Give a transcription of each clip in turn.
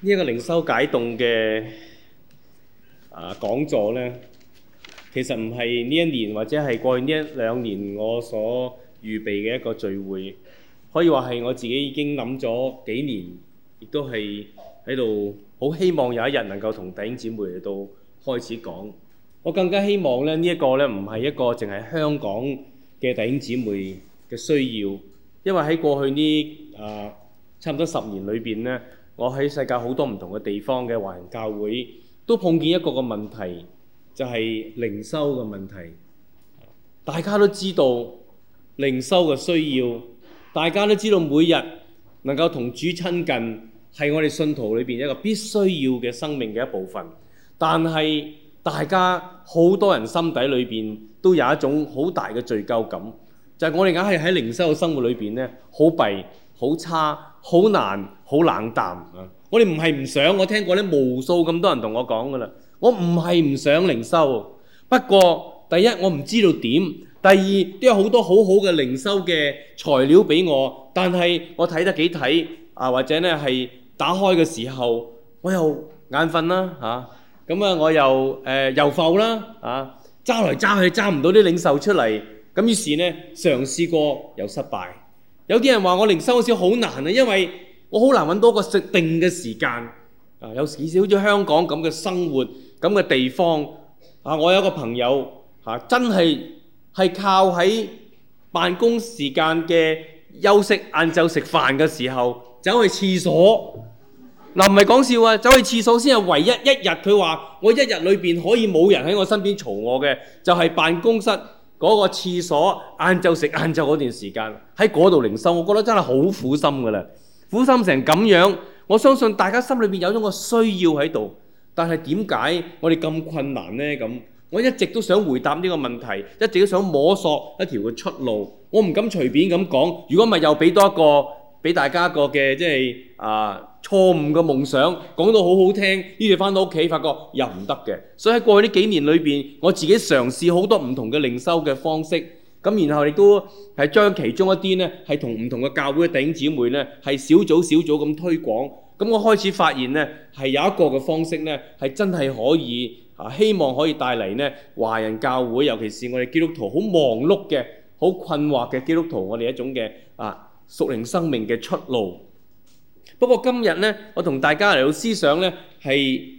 呢一個靈修解凍嘅啊講座呢，其實唔係呢一年或者係過去呢一兩年我所預備嘅一個聚會，可以話係我自己已經諗咗幾年，亦都係喺度好希望有一日能夠同弟兄姊妹嚟到開始講。我更加希望呢，呢一個呢唔係一個淨係香港嘅弟兄姊妹嘅需要，因為喺過去呢啊差唔多十年裏邊呢。我喺世界好多唔同嘅地方嘅華人教會都碰見一個個問題，就係靈修嘅問題。大家都知道靈修嘅需要，大家都知道每日能夠同主親近，係我哋信徒裏邊一個必須要嘅生命嘅一部分。但係大家好多人心底裏邊都有一種好大嘅罪疚感，就係我哋硬係喺靈修嘅生活裏邊咧，好弊。好差，好難，好冷淡啊！我哋唔係唔想，我聽過呢無數咁多人同我講噶啦。我唔係唔想靈修，不過，第一我唔知道點，第二都有好多好好嘅靈修嘅材料俾我，但係我睇得幾睇啊，或者呢係打開嘅時候，我又眼瞓啦，咁啊，我又誒、呃、又浮啦，揸嚟揸去，揸唔到啲領袖出嚟，咁於是呢，嘗試過又失敗。有啲人話我靈修嗰好難，因為我好難揾到個定嘅時間。有時好似香港咁嘅生活，咁嘅地方啊。我有一個朋友真係係靠喺辦公時間嘅休息，晏晝食飯嘅時候走去廁所。嗱唔係講笑啊，走去廁所先係唯一一日。佢話我一日裏面可以冇人喺我身邊嘈我嘅，就係辦公室。嗰、那個廁所，晏晝食晏晝嗰段時間喺嗰度靈修，我覺得真係好苦心㗎喇，苦心成咁樣，我相信大家心裏面有咗個需要喺度，但係點解我哋咁困難呢？咁我一直都想回答呢個問題，一直都想摸索一條個出路，我唔敢隨便咁講，如果咪又俾多一個俾大家一個嘅即係啊。錯誤嘅夢想講到好好聽，於是返到屋企發覺又唔得嘅，所以喺過去呢幾年裏面，我自己嘗試好多唔同嘅靈修嘅方式，咁然後亦都係將其中一啲呢係同唔同嘅教會嘅弟兄姊妹呢係小組小組咁推廣，咁我開始發現呢係有一個嘅方式呢係真係可以啊，希望可以帶嚟呢華人教會，尤其是我哋基督徒好忙碌嘅、好困惑嘅基督徒，我哋一種嘅啊屬靈生命嘅出路。不過，今日呢，我同大家嚟到思想呢，係，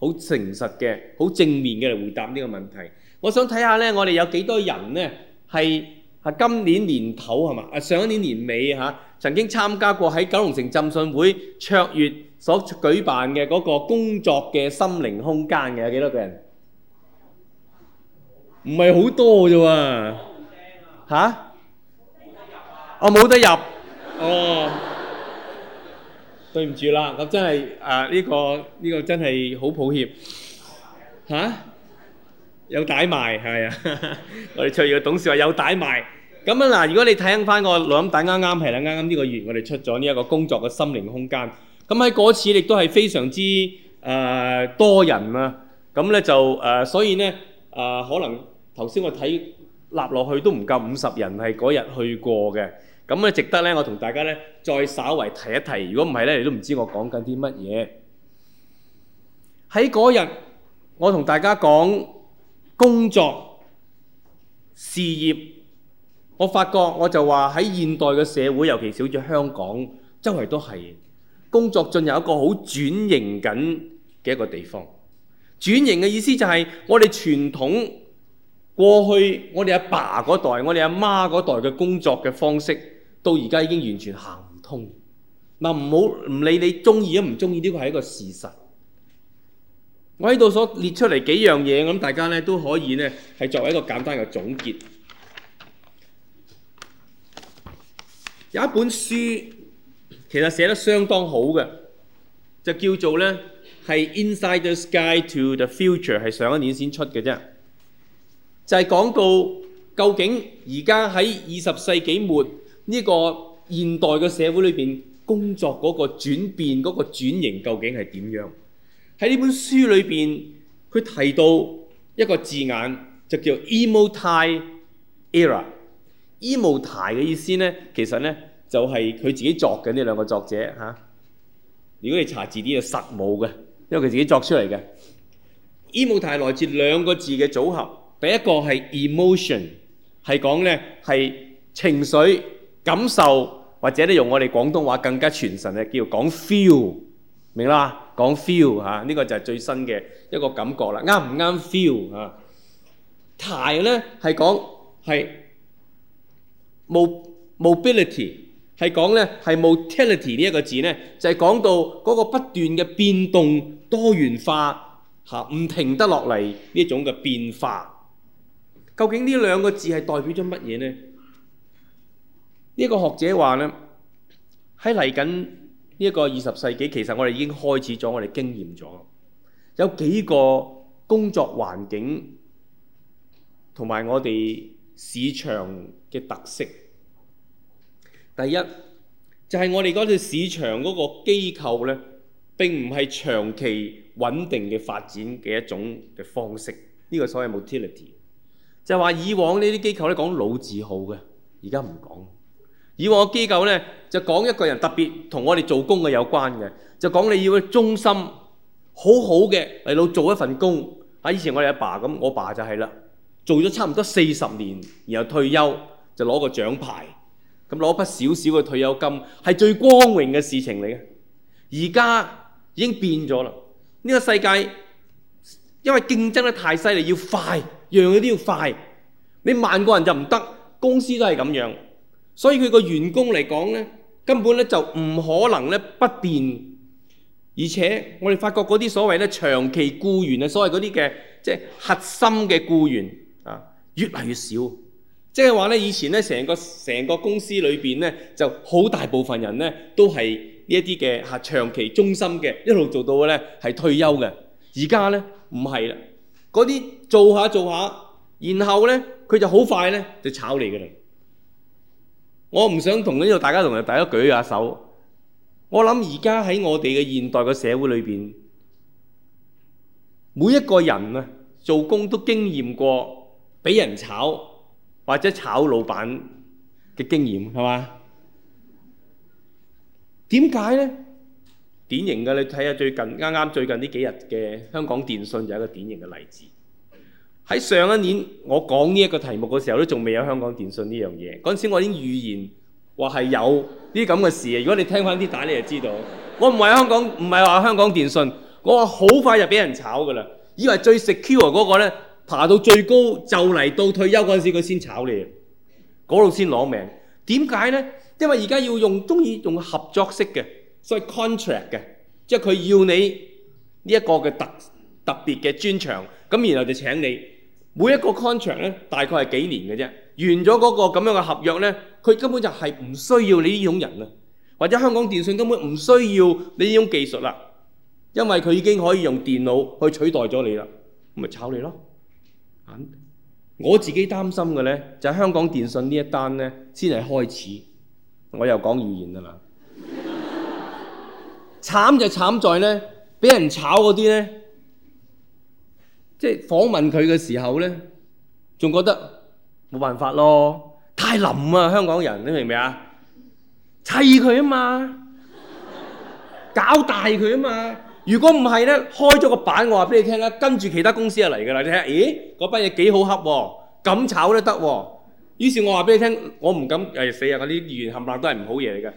好誠實嘅，好正面嘅嚟回答呢個問題。我想睇下呢，我哋有幾多人呢？係係今年年頭係嘛？上一年年尾吓，曾經參加過喺九龍城浸信會卓越所舉辦嘅嗰個工作嘅心靈空間嘅，有幾多個人？唔係好多啫喎，吓？我冇得入哦。對唔住啦，咁真係啊，呢個呢個真係好抱歉嚇，有帶賣係啊，我哋創業董事話有帶賣咁啊。嗱，如果你睇翻個錄音帶啱啱係啦，啱啱呢個月我哋出咗呢一個工作嘅心靈空間，咁喺嗰次亦都係非常之誒多人啊，咁咧就誒所以咧誒可能頭先我睇立落去都唔夠五十人係嗰日去過嘅。咁值得咧，我同大家咧再稍微提一提。如果唔係咧，你都唔知我講緊啲乜嘢。喺嗰日，我同大家講工作事業，我發覺我就話喺現代嘅社會，尤其少咗香港周圍都係工作進入一個好轉型緊嘅一個地方。轉型嘅意思就係我哋傳統過去我哋阿爸嗰代，我哋阿媽嗰代嘅工作嘅方式。到而家已經完全行唔通。唔好唔理你鍾意啊唔鍾意，呢個係一個事實。我喺度所列出嚟幾樣嘢，咁大家咧都可以咧係作為一個簡單嘅總結。有一本書其實寫得相當好嘅，就叫做咧係 Inside the Sky to the Future，係上一年先出嘅啫。就係講到究竟而家喺二十世紀末。呢、這個現代嘅社會裏邊工作嗰個轉變，嗰、那個轉型究竟係點樣？喺呢本書裏邊，佢提到一個字眼就叫 Emotai era。Emotai 嘅意思呢，其實呢，就係、是、佢自己作嘅呢兩個作者嚇。如果你查字典就、這個、實冇嘅，因為佢自己作出嚟嘅。Emotai 來自兩個字嘅組合，第一個係 emotion，係講呢係情緒。感受或者咧用我哋廣東話更加傳神嘅叫講 feel，明啦，講 feel 嚇、啊，呢、這個就係最新嘅一個感覺啦，啱唔啱 feel 啊？態咧係講係 mobility，係講咧係 motility 呢一個字咧，就係、是、講到嗰個不斷嘅變動、多元化嚇，唔、啊、停得落嚟呢種嘅變化。究竟呢兩個字係代表咗乜嘢咧？呢一個學者話咧，喺嚟緊呢一個二十世紀，其實我哋已經開始咗，我哋經驗咗有幾個工作環境同埋我哋市場嘅特色。第一就係、是、我哋講市場嗰個機構呢，並唔係長期穩定嘅發展嘅一種嘅方式。呢、呢個所謂 motility，就係話以往呢啲機構呢講老字號嘅，而家唔講。以往的機構呢，就講一個人特別同我哋做工嘅有關嘅，就講你要忠心，好好嘅嚟到做一份工。以前我哋阿爸噉，我爸就係啦，做咗差唔多四十年，然後退休就攞個獎牌，噉攞筆少少嘅退休金，係最光榮嘅事情嚟嘅。而家已經變咗啦，呢個世界因為競爭得太犀利，要快，樣樣都要快。你慢過人就唔得，公司都係噉樣。所以佢個員工嚟講根本就唔可能不變，而且我哋發覺嗰啲所謂嘅長期僱員所謂嗰啲嘅即係核心嘅僱員啊，越嚟越少。即係話以前呢成個成個公司裏面呢，就好大部分人呢都係呢一啲嘅長期忠心嘅，一路做到呢係退休嘅。而家呢唔係啦，嗰啲做下做下，然後呢佢就好快就炒你嘅我唔想同呢度大家同大家舉一下手。我諗而家喺我哋嘅現代嘅社會裏面，每一個人做工都經驗過俾人炒或者炒老闆嘅經驗，係咪？點解呢？典型嘅你睇下最近啱啱最近呢幾日嘅香港電訊就係一個典型嘅例子。喺上一年我講呢一個題目嘅時候，都仲未有香港電訊呢樣嘢。嗰陣時我已經預言話係有呢啲咁嘅事。如果你聽翻啲打你就知道，我唔係香港，唔係話香港電訊，我話好快就俾人炒㗎啦。以為最 secure 嗰個呢，爬到最高，就嚟到退休嗰陣時，佢先炒你，嗰度先攞命。點解呢？因為而家要用鍾意用合作式嘅，所以 contract 嘅，即係佢要你呢一個嘅特特別嘅專長，咁然後就請你。每一個 contract 大概係幾年嘅啫。完咗嗰個咁樣嘅合約呢，佢根本就係唔需要你呢種人啦，或者香港電信根本唔需要你呢種技術啦，因為佢已經可以用電腦去取代咗你啦，咪炒你咯。我自己擔心嘅呢，就係香港電信呢一單呢先係開始。我又講預言了嘛， 慘就慘在呢，畀人炒嗰啲呢。即係訪問佢嘅時候咧，仲覺得冇辦法咯，太臨啊！香港人，你明唔明啊？砌佢啊嘛，搞大佢啊嘛。如果唔係咧，開咗個版我話俾你聽啦，跟住其他公司就嚟噶啦。你睇，咦、欸，嗰班嘢幾好恰，咁炒都得、啊。於是我告你，我話俾你聽，我唔敢誒死啊！嗰啲議員冚唪唥都係唔好嘢嚟嘅。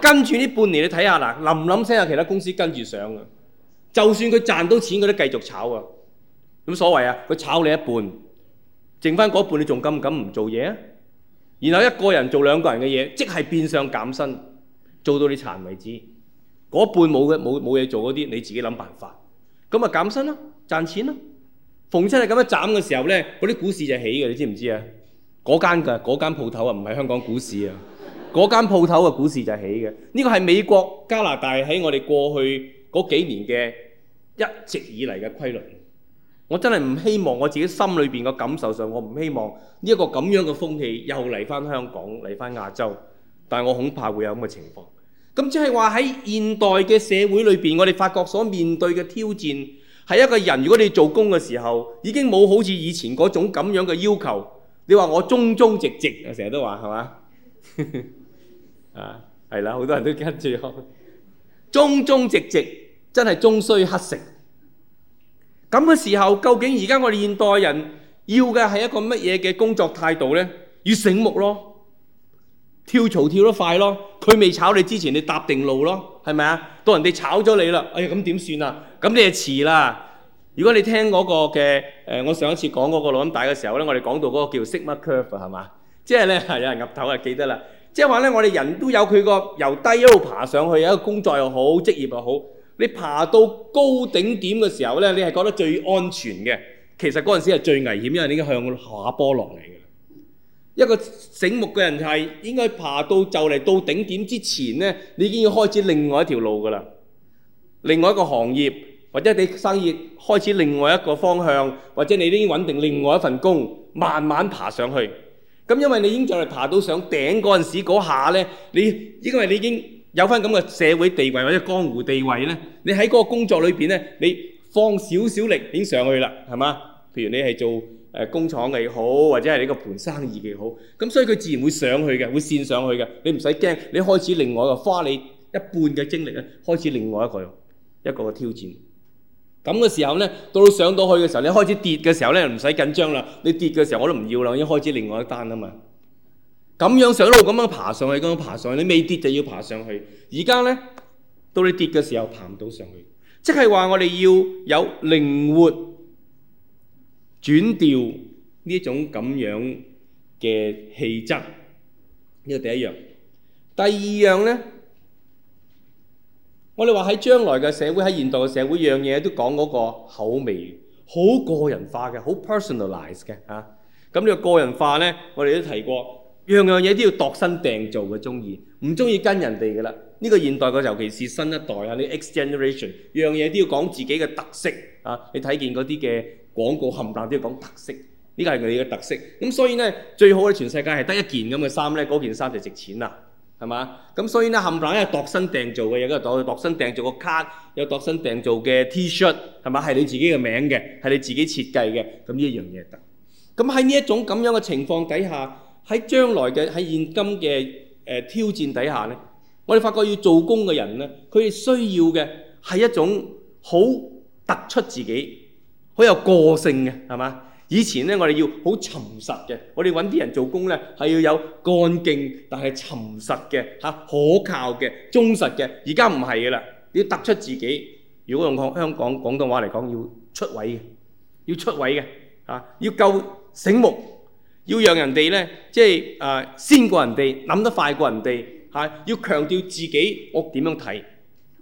跟住呢半年，你睇下嗱，臨臨聲有其他公司跟住上嘅，就算佢賺到錢，佢都繼續炒啊。咁所謂啊，佢炒你一半，剩翻嗰半你仲敢唔敢唔做嘢啊？然後一個人做兩個人嘅嘢，即係變相減薪，做到你殘為止。嗰半冇冇冇嘢做嗰啲，你自己諗辦法。咁啊減薪啦，賺錢啦、啊。逢親係咁樣斬嘅時候呢，嗰啲股市就起嘅，你知唔知啊？嗰間㗎，嗰間鋪頭啊，唔係香港股市啊，嗰間店鋪頭嘅股市就是起嘅。呢、這個係美國加拿大，喺我哋過去嗰幾年嘅一直以嚟嘅規律。我真係唔希望我自己心裏邊嘅感受上，我唔希望呢一個咁樣嘅風氣又嚟翻香港嚟翻亞洲，但係我恐怕會有咁嘅情況。咁即係話喺現代嘅社會裏邊，我哋發覺所面對嘅挑戰係一個人，如果你做工嘅時候已經冇好似以前嗰種咁樣嘅要求。你話我忠忠直直，我成日都話係嘛？啊，係 啦，好多人都跟住我，忠忠直直真係終須乞食。咁嘅時候，究竟而家我哋現代人要嘅係一個乜嘢嘅工作態度呢？要醒目囉，跳槽跳得快囉，佢未炒你之前，你搭定路囉，係咪啊？到人哋炒咗你啦，哎呀，咁點算啊？咁你就遲啦。如果你聽嗰個嘅、呃、我上一次講嗰個錄音帶嘅時候呢，我哋講到嗰個叫 Sigmoid Curve 係嘛？即係呢，係有人岌頭係記得啦。即係話呢，我哋人都有佢個由低一路爬上去，一個工作又好，職業又好。你爬到高頂點嘅時候呢，你係覺得最安全嘅，其實嗰陣時係最危險，因為你已經向下坡落嚟嘅。一個醒目嘅人係應該爬到就嚟到頂點之前呢，你已經要開始另外一條路㗎喇，另外一個行業或者你生意開始另外一個方向，或者你已經穩定另外一份工，慢慢爬上去。咁因為你已經就嚟爬到上頂嗰陣時嗰下呢，你因為你已經。有翻咁嘅社會地位或者江湖地位咧，你喺嗰個工作裏面咧，你放少少力已經上去啦，係嘛？譬如你係做誒工廠嘅好，或者係你個盤生意嘅好，咁所以佢自然會上去嘅，會線上去嘅。你唔使驚，你開始另外一個花你一半嘅精力咧，開始另外一個一個嘅挑戰。咁嘅時候咧，到到上到去嘅時候，你開始跌嘅時候咧，唔使緊張啦。你跌嘅時候我都唔要啦，我已經開始另外一單啊嘛。咁樣上路咁樣爬上去，咁樣爬上去，你未跌就要爬上去。而家咧，到你跌嘅時候爬唔到上去，即係話我哋要有靈活轉調呢一種咁樣嘅氣質。呢個第一樣，第二樣咧，我哋話喺將來嘅社會，喺現代嘅社會，樣嘢都講嗰個口味，好個人化嘅，好 personalized 嘅嚇。咁呢個個人化咧，我哋都提過。各樣樣嘢都要度身訂做嘅，中意唔中意跟人哋嘅啦。呢、這個現代個，尤其是新一代啊，你 X generation 各樣嘢都要講自己嘅特色啊。你睇見嗰啲嘅廣告冚唪唥都要講特色，呢個係佢哋嘅特色。咁所以呢，最好嘅全世界係得一件咁嘅衫呢，嗰件衫就值錢啦，係嘛？咁所以呢，冚唪唥都係度身訂做嘅，有個度度身訂做嘅卡，有度身訂做嘅 T-shirt，係嘛？係你自己嘅名嘅，係你自己設計嘅，咁呢一樣嘢得。咁喺呢一種咁樣嘅情況底下。喺將來嘅，喺現今嘅挑戰底下呢，我哋發覺要做工嘅人呢，佢需要嘅係一種好突出自己、好有個性嘅，係嘛？以前呢，我哋要好沉實嘅，我哋搵啲人做工呢，係要有幹勁，但係沉實嘅、可靠嘅、忠實嘅。而家唔係嘅啦，要突出自己。如果用香港廣東話嚟講，要出位嘅，要出位嘅，要夠醒目。要讓人哋呢，即係誒先過人哋，諗得快過人哋嚇，要強調自己我點樣睇，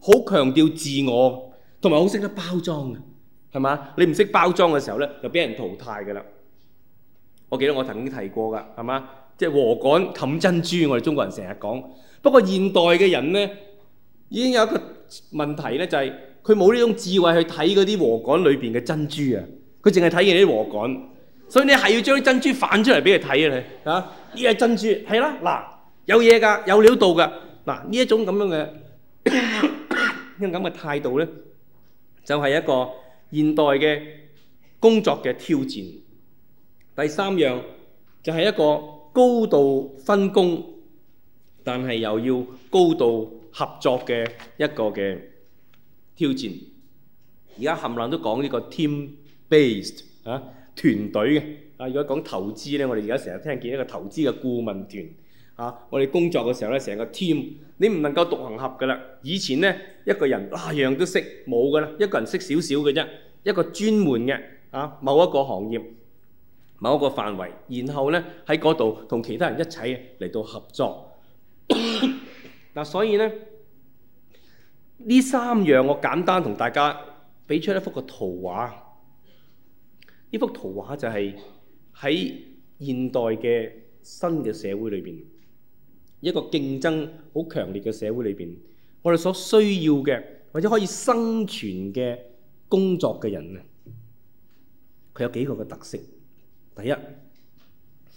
好強調自我，同埋好識得包裝嘅，係嘛？你唔識包裝嘅時候呢，就俾人淘汰噶啦。我記得我曾經提過噶，係嘛？即係禾杆冚珍珠，我哋中國人成日講。不過現代嘅人呢，已經有一個問題呢，就係佢冇呢種智慧去睇嗰啲禾杆裏邊嘅珍珠啊，佢淨係睇見啲禾杆。所以你係要將啲珍珠反出嚟俾佢睇啊！你啊，呢個珍珠係啦，嗱，有嘢㗎，有料到㗎。嗱，呢一種咁樣嘅呢種咁嘅態度咧，就係一個現代嘅工作嘅挑戰。第三樣就係一個高度分工，但係又要高度合作嘅一個嘅挑戰。而家冚唪唥都講呢個 team-based 啊。團隊嘅啊，如果講投資呢，我哋而家成日聽見一個投資嘅顧問團啊，我哋工作嘅時候呢，成個 team，你唔能夠獨行俠嘅啦。以前呢、啊，一個人嗱樣都識，冇噶啦，一個人識少少嘅啫，一個專門嘅啊，某一個行業、某一個範圍，然後呢，喺嗰度同其他人一齊嚟到合作。嗱、 啊，所以呢，呢三樣，我簡單同大家俾出一幅嘅圖畫。呢幅圖畫就係喺現代嘅新嘅社會裏面，一個競爭好強烈嘅社會裏面，我哋所需要嘅或者可以生存嘅工作嘅人咧，佢有幾個嘅特色。第一，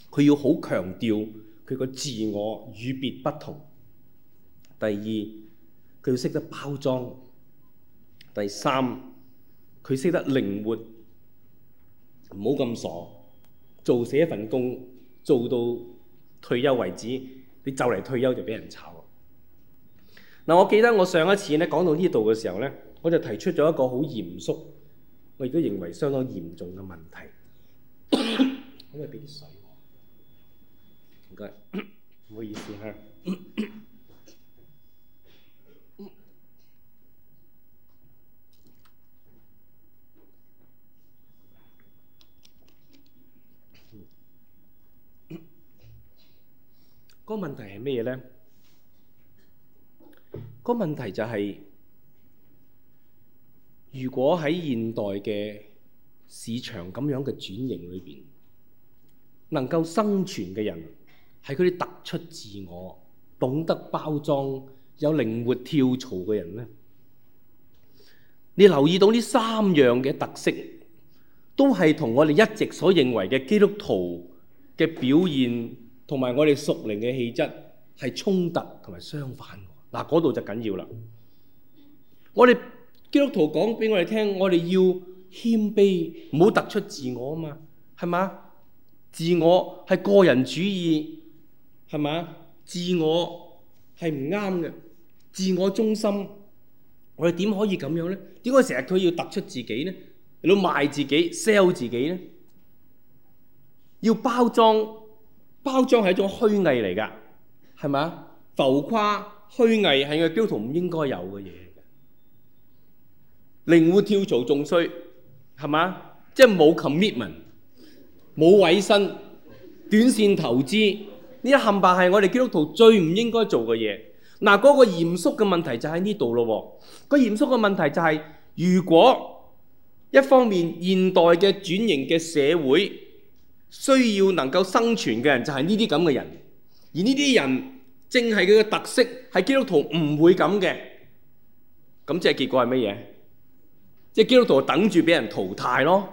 佢要好強調佢個自我與別不同。第二，佢要識得包裝。第三，佢識得靈活。唔好咁傻，做死一份工做到退休為止，你就嚟退休就俾人炒啦！嗱，嗯，我記得我上一次咧講到呢度嘅時候咧，我就提出咗一個好嚴肅，我亦都認為相當嚴重嘅問題。 可唔可以俾啲水我？唔該，唔 好意思嚇。 那個問題係咩呢？那個問題就係、是，如果喺現代嘅市場咁樣嘅轉型裏面，能夠生存嘅人，係佢哋突出自我、懂得包裝、有靈活跳槽嘅人呢，你留意到呢三樣嘅特色，都係同我哋一直所認為嘅基督徒嘅表現。同埋我哋屬靈嘅氣質係衝突同埋相反，嗱，嗰度就緊要啦。我哋基督徒講俾我哋聽，我哋要謙卑，唔好突出自我啊嘛，係嘛？自我係個人主義，係嘛？自我係唔啱嘅，自我中心。我哋點可以咁樣咧？點解成日佢要突出自己咧？要賣自己、sell 自己咧？要包裝。包裝係一種虛偽嚟㗎，係咪啊？浮誇、虛偽係我基督徒唔應該有嘅嘢。靈活跳槽仲衰，係咪啊？即係冇 commitment，冇委身，短線投資呢，冚唪唥係我哋基督徒最唔應該做嘅嘢。嗱，嗰個嚴肅嘅問題就喺呢度咯。那個嚴肅嘅問題就係，如果一方面現代嘅轉型嘅社會，需要能夠生存嘅人就係呢啲咁嘅人，而呢啲人正係佢嘅特色，係基督徒唔會咁嘅。的咁即係結果係乜嘢？即係基督徒等住俾人淘汰咯，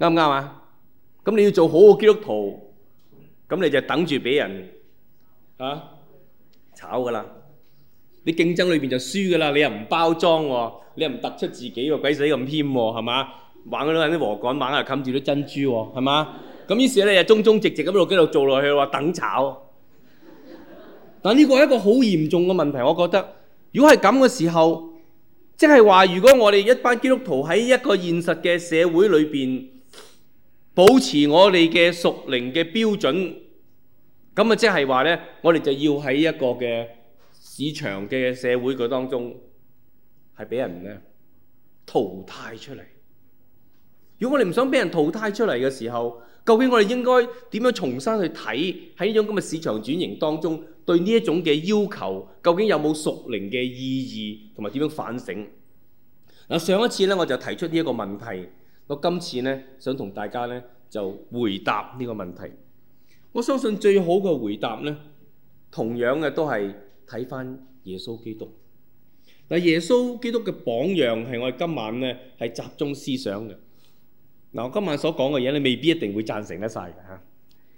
啱唔啱啊？咁你要做好個基督徒，咁你就等住俾人啊炒㗎喇！你競爭裏面就輸噶啦，你又唔包裝喎，哦，你又唔突出自己喎，鬼死咁謙喎，係嘛？玩嗰啲喺啲禾杆，猛下又冚住啲珍珠喎，係嘛？咁 於是咧，就忠忠直直咁喺度繼續做落去咯，等炒。但呢個係一個好嚴重嘅問題，我覺得，如果係咁嘅時候，即係話，如果我哋一班基督徒喺一個現實嘅社會裏邊保持我哋嘅屬靈嘅標準，咁啊，即係話咧，我哋就要喺一個嘅市場嘅社會嘅當中係俾人咧淘汰出嚟。如果我哋唔想俾人淘汰出嚟嘅時候，究竟我哋應該點樣重新去睇喺呢種咁嘅市場轉型當中，對呢一種嘅要求，究竟有冇屬靈嘅意義同埋點樣反省？嗱，上一次咧我就提出呢一個問題，我今次咧想同大家咧就回答呢個問題。我相信最好嘅回答咧，同樣嘅都係睇返耶穌基督。嗱，耶穌基督嘅榜樣係我哋今晚咧係集中思想嘅。嗱，我今晚所講嘅嘢，你未必一定會贊成得晒㗎吓。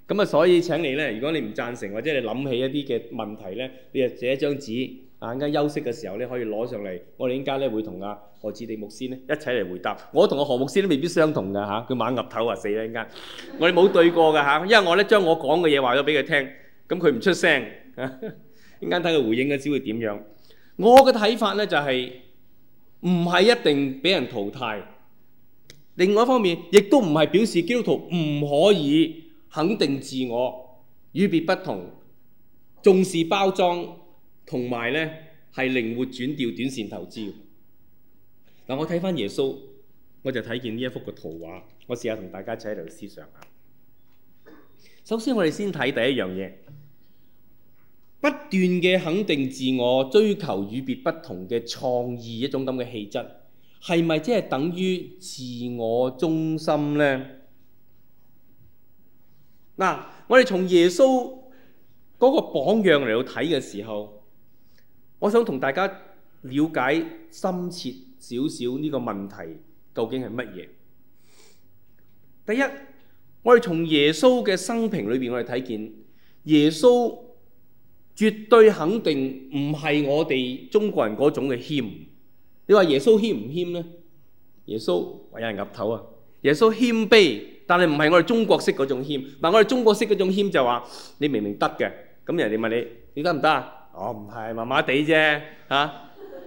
咁啊，所以請你呢，如果你唔贊成，或者你諗起一啲嘅問題呢，你就寫一張紙。啊，陣間休息嘅時候咧，你可以攞上嚟。我哋陣間咧會同阿、啊、何志地牧師呢一齊嚟回答。我同阿、啊、何牧師都未必相同㗎吓。佢猛岌頭啊，死啦，陣、啊、間我哋冇對過㗎吓、啊。因為我呢將我講嘅嘢話咗俾佢聽，咁佢唔出聲。陣間睇佢回應嗰時會點樣？我嘅睇法呢就係唔係一定俾人淘汰。另外一方面，亦都唔係表示基督徒唔可以肯定自我、與別不同、重視包裝，同埋咧係靈活轉調、短線投資。嗱，我睇翻耶穌，我就睇見呢一幅嘅圖畫。我試下同大家一齊喺度思想下。首先，我哋先睇第一樣嘢，不斷嘅肯定自我、追求與別不同嘅創意，一種咁嘅氣質。係咪即係等於自我中心咧？嗱，我哋從耶穌嗰個榜樣嚟到睇嘅時候，我想同大家了解深切少少呢個問題究竟係乜嘢？第一，我哋從耶穌嘅生平裏邊，我哋睇見耶穌絕對肯定唔係我哋中國人嗰種嘅謙。你話耶穌謙唔謙呢？耶穌話有人額頭啊，耶穌謙卑，但係唔係我哋中國式嗰種謙。但我哋中國式嗰種謙就話：你明明得嘅，咁人哋問你，你得唔得啊？哦，唔係，麻麻地啫嚇。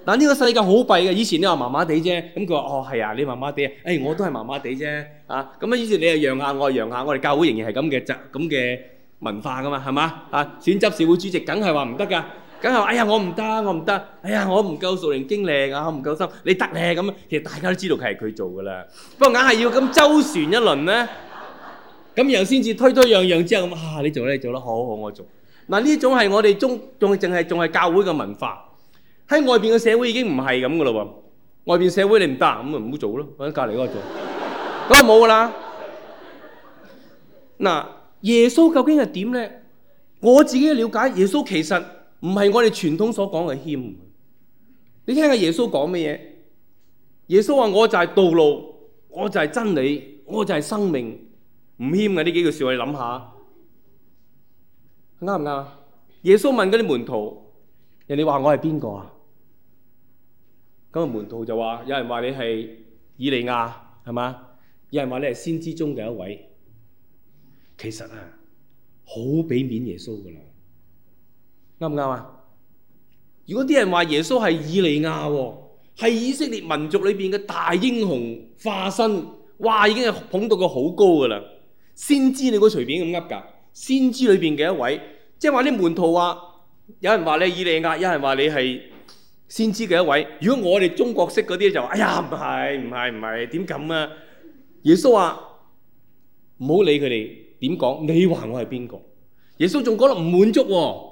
但呢個世界好弊嘅，以前你話麻麻地啫，咁佢話：哦，係、哎、啊，你麻麻地啊，我都係麻麻地啫嚇。於是你又讓，下，我讓下，我又讓下，我哋教會仍然係咁嘅雜文化吖嘛，係嘛啊？選執事會主席，梗係話唔得㗎。梗係話，哎呀，我唔得，我唔得，哎呀，我唔夠數年經歷，啊，我唔夠心，你得咧咁。其實大家都知道佢係佢做噶啦，不過硬係要咁周旋一輪咧，咁然後先至推推讓讓之後咁啊，你做咧，你做得好好，我做。嗱呢種係我哋中仲淨係仲係教會嘅文化，喺外面嘅社會已經唔係咁噶咯喎。外面社會你唔得，咁咪唔好做咯，喺隔離嗰度做。咁個冇噶啦。嗱，耶穌究竟係點咧？我自己嘅瞭解，耶穌其實。唔係我哋傳統所講嘅謙，你聽下耶穌講咩嘢？耶穌話：我就係道路，我就係真理，我就係生命，唔謙嘅呢幾句説，我哋諗下啱唔啱？耶穌問嗰啲門徒：人哋話我係邊個啊？咁嗰門徒就話：有人話你係以利亞，係嘛？有人話你係先知中嘅一位。其實啊，好俾面耶穌噶啦。啱唔啱啊？如果啲人話耶穌係以利亞，係以色列民族裏面嘅大英雄化身，嘩，已經係捧到個好高㗎喇！先知你嗰隨便咁噏噶，先知裏面嘅一位，即係話啲門徒話，有人話你係以利亞，有人話你係先知嘅一位。如果我哋中國式嗰啲就話，哎呀唔係，唔係，唔係，點咁啊？耶穌話唔好理佢哋點講，你話我係邊個？耶穌仲覺得唔滿足啊喎。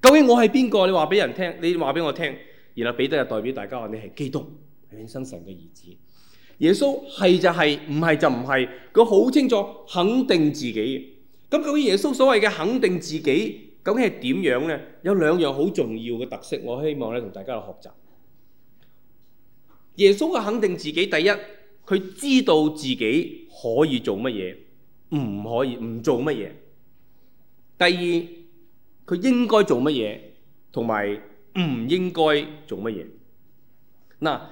究竟我係邊個？你話俾人聽，你話俾我聽。然後彼得就代表大家話，你係基督，係永生神嘅兒子。耶穌係就係，唔係就唔係。佢好清楚肯定自己嘅。咁究竟耶穌所謂嘅肯定自己，究竟係點樣呢？有兩樣好重要嘅特色，我希望咧同大家去學習。耶穌嘅肯定自己，第一，佢知道自己可以做乜嘢，唔可以唔做乜嘢。第二。佢應該做乜嘢，同埋唔應該做乜嘢。嗱、啊，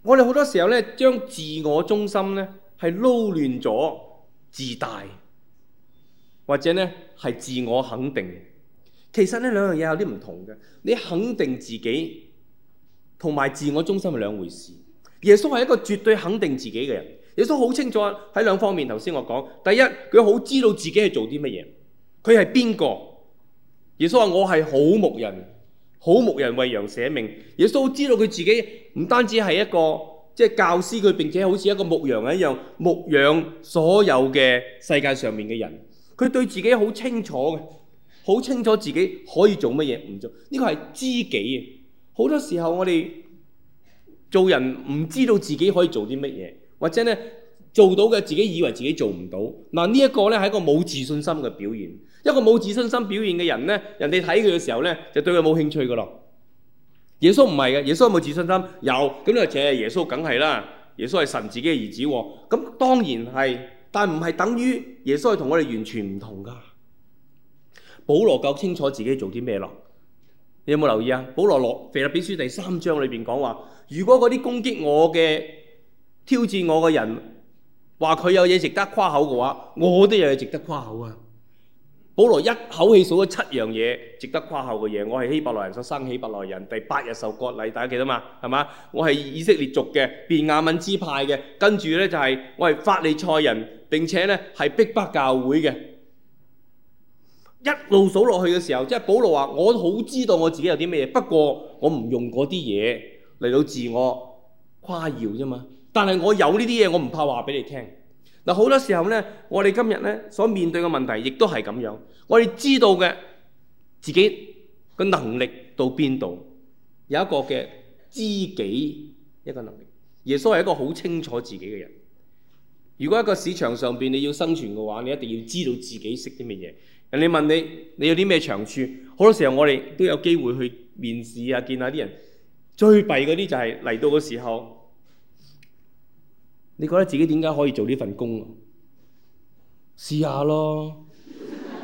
我哋好多時候咧，將自我中心咧係撈亂咗自大，或者咧係自我肯定。其實呢兩樣嘢有啲唔同嘅。你肯定自己同埋自我中心係兩回事。耶穌係一個絕對肯定自己嘅人。耶穌好清楚喺兩方面。頭先我講，第一，佢好知道自己係做啲乜嘢，佢係邊個。耶穌話：我係好牧人，好牧人為羊捨命。耶穌知道佢自己唔單止係一個即係教師，佢並且好似一個牧羊人一樣，牧養所有嘅世界上面嘅人。佢對自己好清楚嘅，好清楚自己可以做乜嘢，唔做呢個係知己嘅。好多時候我哋做人唔知道自己可以做啲乜嘢，或者咧做到嘅自己以為自己做唔到，嗱呢一個咧係一個冇自信心嘅表現。一個冇自信心表現嘅人咧，人哋睇佢嘅時候咧，就對佢冇興趣㗎咯。耶穌唔係嘅，耶穌有冇自信心？有，咁你話耶穌梗係啦。耶穌係神自己嘅兒子，當然係，但唔係等於耶穌係同我哋完全唔同㗎。保羅夠清楚自己做啲咩咯？你有冇留意啊？保羅羅腓立比書第三章裏面講話，如果嗰啲攻擊我嘅、挑戰我嘅人話佢有嘢值得誇口嘅話，我都有嘢值得誇口啊！保羅一口氣數咗七樣嘢，值得誇口嘅嘢。我係希伯來人所生，希伯來人第八日受割禮，大家記得嘛？係嘛？我係以色列族嘅，便雅憫支派嘅，跟住呢，就係我係法利賽人，並且呢係逼迫教會嘅。一路數落去嘅時候，即係保羅話：我好知道我自己有啲咩嘢，不過我唔用嗰啲嘢嚟到自我誇耀啫嘛。但係我有呢啲嘢，我唔怕話俾你聽。好多時候呢，我哋今日呢所面對嘅問題，亦都係咁樣。我哋知道嘅自己個能力到邊度，有一個嘅知己一個能力。耶穌係一個好清楚自己嘅人。如果一個市場上面你要生存嘅話，你一定要知道自己識啲咩嘢。人哋問你，你有啲咩長處？好多時候我哋都有機會去面試啊，見一下啲人。最弊嗰啲就係嚟到嘅時候。你覺得自己點解可以做呢份工啊？試下咯，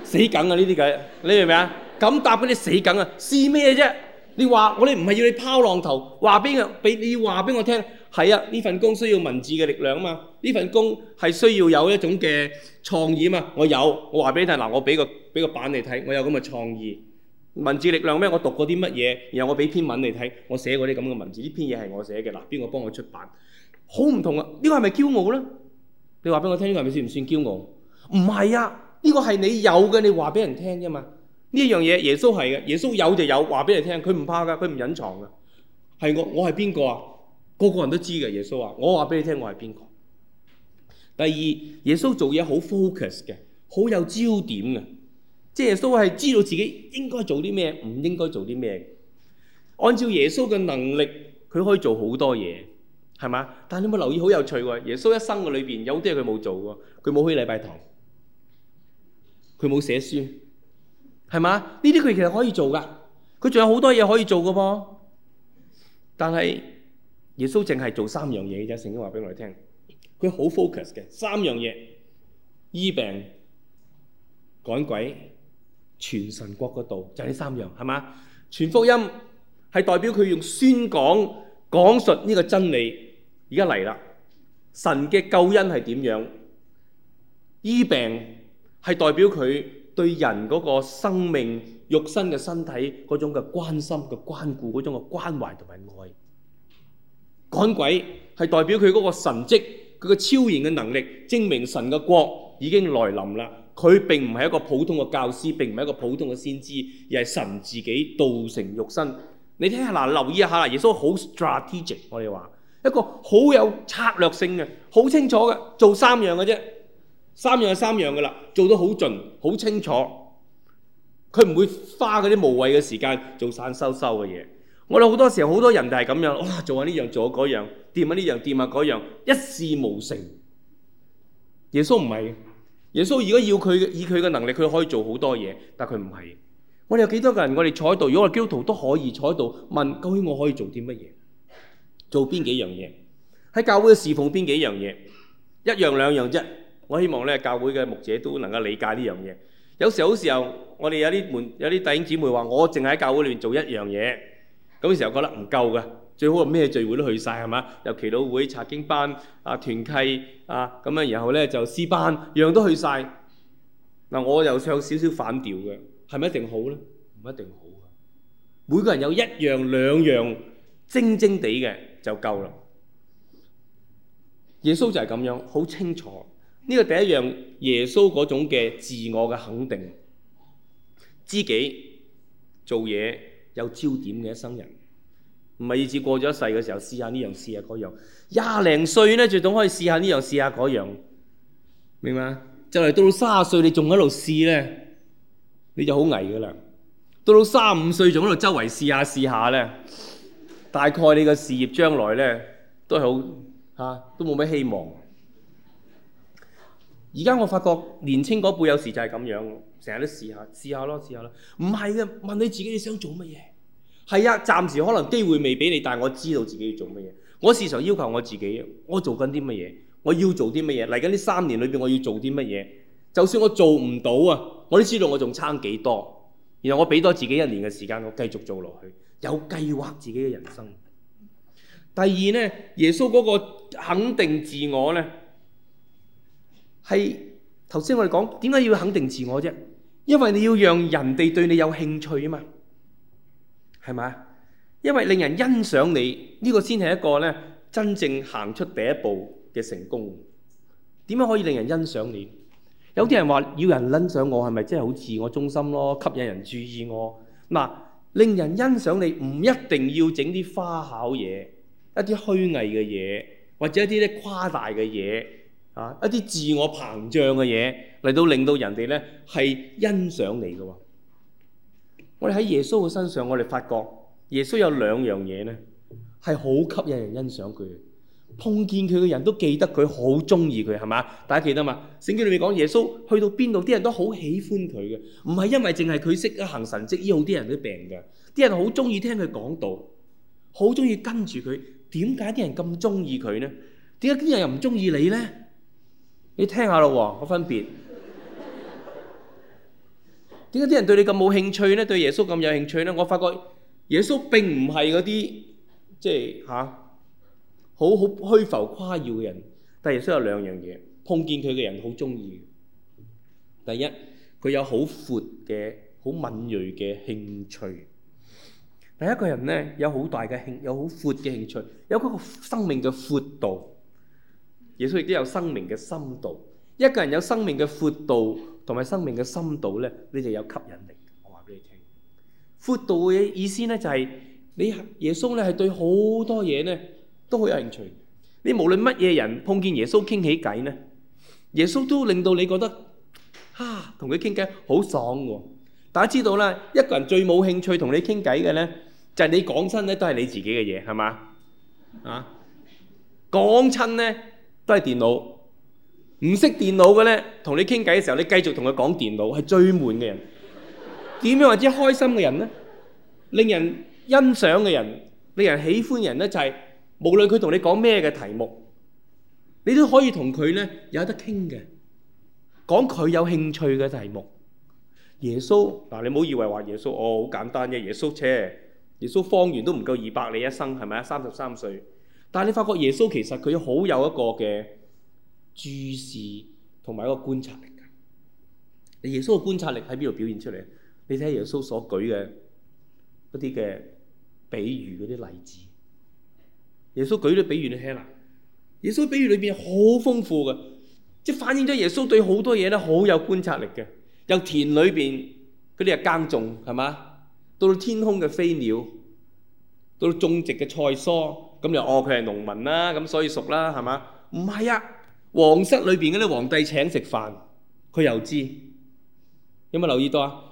死梗啊！呢啲計，你明唔明啊？噉答俾你死梗啊？試咩啫？你話我哋唔係要你拋浪頭，話邊俾你話俾我聽，係啊！呢份工需要文字嘅力量啊嘛！呢份工係需要有一種嘅創意啊嘛！我有，我話俾你聽，嗱，我俾個俾個版你睇，我有咁嘅創意，文字力量咩？我讀過啲乜嘢，然後我俾篇文你睇，我寫過啲咁嘅文字，呢篇嘢係我寫嘅，嗱，邊個幫我出版？好唔同啊！呢個係咪驕傲呢？你話俾我聽，呢個係咪算唔算驕傲？唔係啊！呢個係你有嘅，你話俾人聽啫嘛。呢一樣嘢，耶穌係嘅，耶穌有就有，話俾人聽，佢唔怕噶，佢唔隱藏噶。係我，我係邊個啊？個個人都知嘅。耶穌啊，我話俾你聽，我係邊個。第二，耶穌做嘢好 focus 嘅，好有焦點嘅。即係耶穌係知道自己應該做啲咩，唔應該做啲咩。按照耶穌嘅能力，佢可以做好多嘢。係嘛？但係你有冇留意好有趣喎？耶穌一生嘅裏邊有好多嘢佢冇做喎，佢冇去禮拜堂，佢冇寫書，係嘛？呢啲佢其實可以做㗎，佢仲有好多嘢可以做㗎噃。但係耶穌淨係做三樣嘢啫。聖經話俾我哋聽，佢好 focus 嘅，三樣嘢：醫病、趕鬼、傳神國嘅道，就係呢三樣，係嘛？傳福音係代表佢用宣講講述呢個真理。而家嚟啦！神嘅救恩係點樣？醫病係代表佢對人嗰個生命肉身嘅身體嗰種嘅關心、嘅關顧、嗰種嘅關懷同埋愛，趕鬼係代表佢嗰個神跡，佢嘅超然嘅能力，證明神嘅國已經來臨啦！佢並唔係一個普通嘅教師，並唔係一個普通嘅先知，而係神自己道成肉身。你聽下嗱，留意一下啦！耶穌好 strategic，我哋話。一個好有策略性嘅，好清楚嘅，做三樣嘅啫，三樣係三樣噶啦，做得好盡，好清楚。佢唔會花嗰啲無謂嘅時間做散收收嘅嘢。我哋好多時候，好多人就係咁樣，哇、哦，做下呢樣，做下嗰樣，掂下呢樣，掂下嗰樣，一事無成。耶穌唔係，耶穌如果要佢以佢嘅能力，佢可以做好多嘢，但佢唔係。我哋有幾多個人，我哋坐喺度，如果我基督徒都可以坐喺度問，究竟我可以做啲乜嘢？做邊幾樣嘢？喺教會侍奉邊幾樣嘢？一樣兩樣啫。我希望咧，教會嘅牧者都能夠理解呢樣嘢。有時候，有時候我哋有啲門有啲弟兄姊妹話：我淨喺教會裏面做一樣嘢，咁時候覺得唔夠嘅，最好啊咩聚會都去曬係嘛？尤其祈禱會、查經班、啊團契啊咁樣，然後咧就師班，樣樣都去曬。嗱，我又唱少少反調嘅，係咪一定好咧？唔一定好。每個人有一樣兩樣精精地嘅。就夠啦！耶穌就係咁樣，好清楚呢、這個第一樣耶穌嗰種嘅自我嘅肯定，自己做嘢有焦點嘅一生人，唔係以至過咗一世嘅時候試下，試下呢樣試下嗰樣，廿零歲咧絕對可以試下呢樣試下嗰樣，明嘛？就嚟、是、到到卅歲你仲喺度試咧，你就好危噶啦！到到卅五歲仲喺度周圍試下試下咧。大概你個事業將來呢，都係好、啊、都冇咩希望。而家我發覺年青嗰輩有時就係咁樣，成日都試下試下咯，試下咯。唔係嘅，問你自己你想做乜嘢？係啊，暫時可能機會未俾你，但係我知道自己要做乜嘢。我時常要求我自己，我做緊啲乜嘢？我要做啲乜嘢？嚟緊呢三年裏邊我要做啲乜嘢？就算我做唔到啊，我都知道我仲差幾多，然後我俾多自己一年嘅時間，我繼續做落去。有計劃自己嘅人生。第二呢，耶穌嗰個肯定自我呢，係頭先我哋講點解要肯定自我啫。因為你要讓人哋對你有興趣啊嘛，係咪？因為令人欣賞你呢個先係一個呢真正行出第一步嘅成功。點樣可以令人欣賞你？有啲人話要人欣賞我，係咪真係好自我中心咯？吸引人注意我嗱。令人欣賞你唔一定要整啲花巧嘢，一啲虛偽嘅嘢，或者一啲呢誇大嘅嘢，啊，一啲自我膨脹嘅嘢嚟到令到人哋呢係欣賞你嘅。我哋喺耶穌嘅身上，我哋發覺耶穌有兩樣嘢呢係好吸引人欣賞佢。碰見佢嘅人都記得佢好鍾意佢係嘛？大家記得嘛？聖經裏面講耶穌去到邊度，啲人都好喜歡佢嘅，唔係因為淨係佢識得行神蹟醫好啲人啲病㗎，啲人好鍾意聽佢講道，好鍾意跟住佢。點解啲人咁鍾意佢呢？點解啲人又唔鍾意你呢？你聽下咯喎，我分別。點解啲人對你咁冇興趣呢？對耶穌咁有興趣呢？我發覺耶穌並唔係嗰啲即係嚇。啊好好虛浮誇耀嘅人，但係耶穌有兩樣嘢，碰見佢嘅人好中意。第一，佢有好闊嘅、好敏銳嘅興趣。第一個人咧有好大嘅興，有好闊嘅興趣，有嗰個生命嘅闊度。耶穌亦都有生命嘅深度。一個人有生命嘅闊度同埋生命嘅深度咧，你就有吸引力。我話俾你聽，闊度嘅意思咧就係、是、你耶穌咧係對好多嘢咧。都好有興趣。你無論乜嘢人碰見耶穌傾起偈咧，耶穌都令到你覺得啊同佢傾偈好爽嘅。大家知道啦，一個人最冇興趣同你傾偈嘅咧，就係你講親咧都係你自己嘅嘢，係嘛啊？講親咧都係電腦，唔識電腦嘅咧同你傾偈嘅時候，你繼續同佢講電腦係最悶嘅人。點樣或者開心嘅人咧？令人欣賞嘅人，令人喜歡嘅人咧，就係。無論佢同你講咩嘅題目，你都可以同佢咧有得傾嘅，講佢有興趣嘅題目。耶穌嗱，你唔好以為話耶穌哦好簡單嘅耶穌啫，耶穌方圓都唔夠二百里一生，係咪啊？三十三歲，但係你發覺耶穌其實佢好有一個嘅注視同埋一個觀察力。你耶穌嘅觀察力喺邊度表現出嚟？你睇下耶穌所舉嘅嗰啲嘅比喻嗰啲例子。耶穌舉啲比喻你聽啦，耶穌比喻裏邊好豐富嘅，即係反映咗耶穌對好多嘢咧好有觀察力嘅。由田裏邊嗰啲啊耕種係嘛，到天空嘅飛鳥，到種植嘅菜蔬，咁又哦佢係農民啦，咁所以熟啦係嘛？唔係啊，皇室裏邊嗰啲皇帝請食飯，佢又知有冇留意到啊？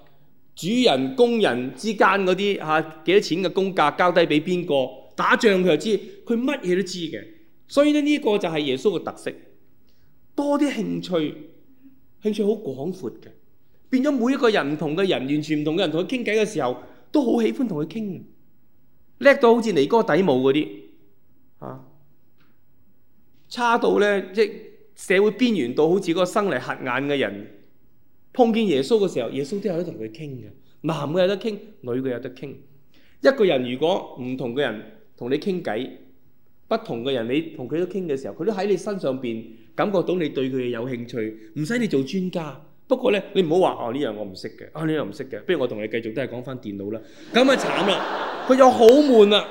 主人工人之間嗰啲吓幾多錢嘅工價交低畀邊個？打仗佢又知，佢乜嘢都知嘅，所以咧呢個就係耶穌嘅特色，多啲興趣，興趣好廣闊嘅，變咗每一個人唔同嘅人，完全唔同嘅人同佢傾偈嘅時候，都好喜歡同佢傾，叻到好似尼哥底母嗰啲，啊，差到咧即社會邊緣到好似嗰個生嚟瞎眼嘅人，碰見耶穌嘅時候，耶穌都有得同佢傾嘅，男嘅有得傾，女嘅有得傾，一個人如果唔同嘅人。同你傾偈，不同嘅人你同佢都傾嘅時候，佢都喺你身上邊感覺到你對佢嘅有興趣，唔使你做專家。不過咧，你唔好話哦呢樣我唔識嘅，啊呢樣唔識嘅，不如我同你繼續都係講翻電腦啦。咁啊慘啦，佢又好悶啦。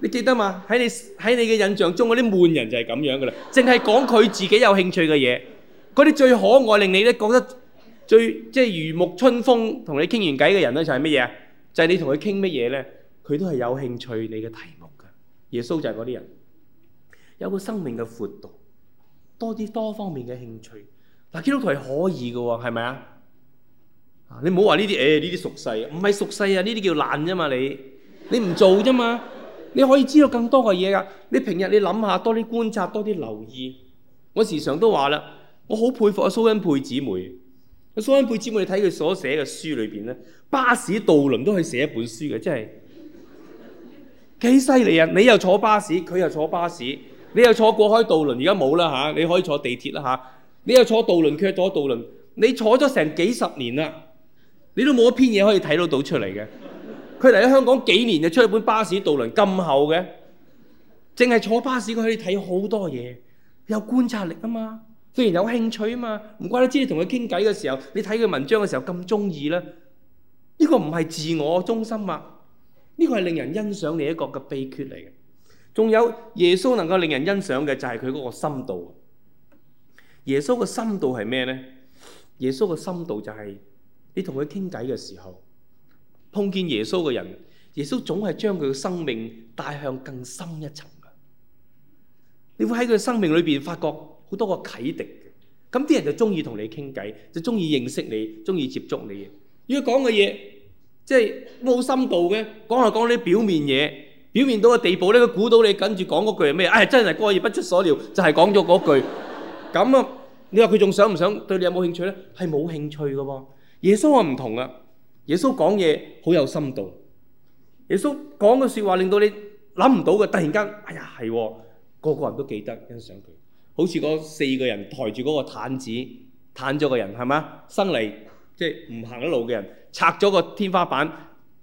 你記得嘛？喺你喺你嘅印象中，嗰啲悶人就係咁樣噶啦，淨係講佢自己有興趣嘅嘢。嗰啲最可愛令你咧覺得最即係如沐春風同你傾完偈嘅人咧，就係乜嘢？就係你同佢傾乜嘢咧？佢都係有興趣你嘅題目嘅，耶穌就係嗰啲人，有個生命嘅闊度，多啲多方面嘅興趣。嗱，基督徒係可以嘅喎，係咪啊？你唔好話呢啲誒，呢啲俗世，唔係俗世啊，呢啲叫懶啫嘛。你你唔做啫嘛，你可以知道更多嘅嘢㗎。你平日你諗下，多啲觀察，多啲留意。我時常都話啦，我好佩服阿蘇恩佩姊妹。阿蘇恩佩姊妹，你睇佢所寫嘅書裏邊咧，巴士渡輪都可以寫一本書嘅，即係。幾犀利啊！你又坐巴士，佢又坐巴士，你又坐過海渡輪，而家冇啦吓，你可以坐地鐵啦吓。你又坐渡輪，佢又坐渡輪，你坐咗成幾十年啦，你都冇一篇嘢可以睇到到出嚟嘅。佢嚟咗香港幾年就出一本巴士渡輪咁厚嘅，淨係坐巴士佢可以睇好多嘢，有觀察力啊嘛，雖然有興趣啊嘛，唔怪得知你同佢傾偈嘅時候，你睇佢文章嘅時候咁中意啦。呢個唔係自我中心啊！呢、這個係令人欣賞你一個嘅秘訣嚟嘅，仲有耶穌能夠令人欣賞嘅就係佢嗰個深度。耶穌嘅深度係咩呢？耶穌嘅深度就係你同佢傾偈嘅時候，碰見耶穌嘅人，耶穌總係將佢嘅生命帶向更深一層嘅。你會喺佢嘅生命裏邊發覺好多個啟迪嘅，咁啲人就中意同你傾偈，就中意認識你，中意接觸你。如果講嘅嘢，即係冇深度嘅，講下講啲表面嘢，表面到個地步咧，佢估到你跟住講嗰句係咩？唉、哎，真係過意不出所料，就係講咗嗰句咁啊！ 你話佢仲想唔想對你有冇興趣咧？係冇興趣噶。耶穌我唔同啊，耶穌講嘢好有深度，耶穌講嘅說的話令到你諗唔到嘅，突然間，哎呀係，個個人都記得欣賞佢，好似嗰四個人抬住嗰個毯子，癱咗個人係咪，生嚟即係唔行得路嘅人。拆咗個天花板，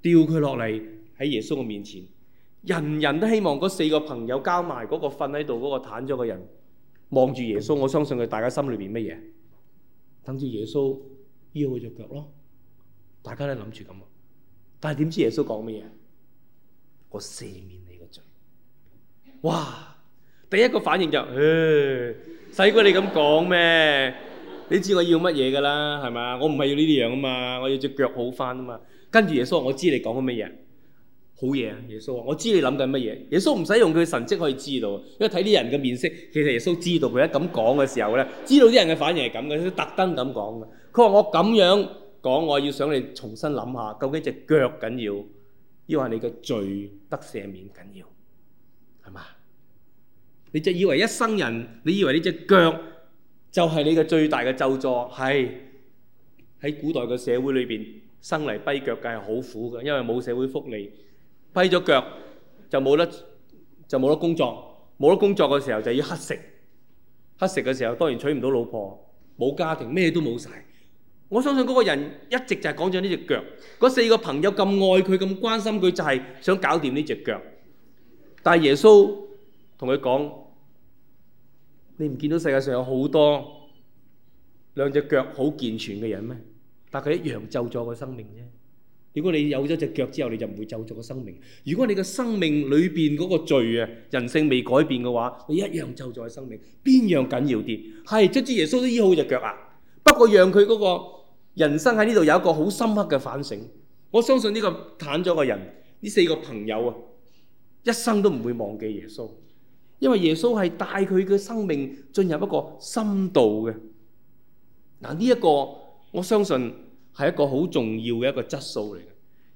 吊佢落嚟喺耶穌嘅面前，人人都希望嗰四個朋友交埋嗰個瞓喺度嗰個癱咗嘅人，望住耶穌，我相信佢大家心裏邊乜嘢？等住耶穌醫佢隻腳咯，大家都諗住咁啊，但係點知耶穌講乜嘢？我赦免你嘅罪。哇！第一個反應就是，唉、哎，使鬼你咁講咩？你知我要乜嘢噶啦，係嘛？我唔係要呢啲樣啊嘛，我要隻腳好翻啊嘛。跟住耶穌話我知你講緊乜嘢，好嘢啊！耶穌話：我知你諗緊乜嘢。耶穌唔使用佢嘅神迹可以知道，因為睇啲人嘅面色，其實耶穌知道佢一咁講嘅時候咧，知道啲人嘅反應係咁嘅，特登咁講。佢話我咁樣講，我要想你重新諗下，究竟隻腳緊要，抑或係你嘅罪得赦免緊要，係嘛？你就以為一生人，你以為你隻腳？就係你嘅最大嘅救助。係喺古代嘅社會裏邊，生嚟跛腳梗係好苦嘅，因為冇社會福利，跛咗腳就冇得就冇得工作，冇得工作嘅時候就要乞食，乞食嘅時候當然娶唔到老婆，冇家庭，咩都冇晒。我相信嗰個人一直就係講咗呢隻腳，嗰四個朋友咁愛佢咁關心佢，就係想搞掂呢隻腳。但係耶穌同佢講。你唔見到世界上有好多兩隻腳好健全嘅人咩？但佢一樣就咗個生命啫。如果你有咗隻腳之後，你就唔會就咗個生命。如果你嘅生命裏邊嗰個罪啊，人性未改變嘅話，你一樣就咗個生命。邊樣緊要啲？係，甚至耶穌都醫好隻腳啊。不過讓佢嗰個人生喺呢度有一個好深刻嘅反省。我相信呢個癱咗嘅人，呢四個朋友啊，一生都唔會忘記耶穌。因為耶穌係帶佢嘅生命進入一個深度嘅。嗱，呢一個我相信係一個好重要嘅一個質素嚟嘅。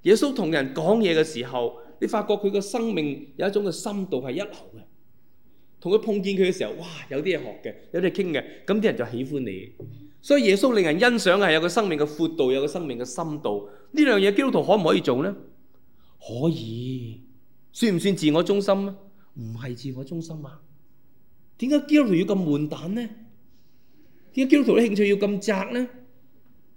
耶穌同人講嘢嘅時候，你發覺佢嘅生命有一種嘅深度係一流嘅。同佢碰見佢嘅時候，哇，有啲嘢學嘅，有啲嘢傾嘅，咁啲人就喜歡你。所以耶穌令人欣賞嘅係有個生命嘅闊度，有個生命嘅深度。呢樣嘢基督徒可唔可以做呢？可以，算唔算自我中心咧？唔係自我中心啊？點解基督徒要咁悶蛋呢？點解基督徒啲興趣要咁窄呢？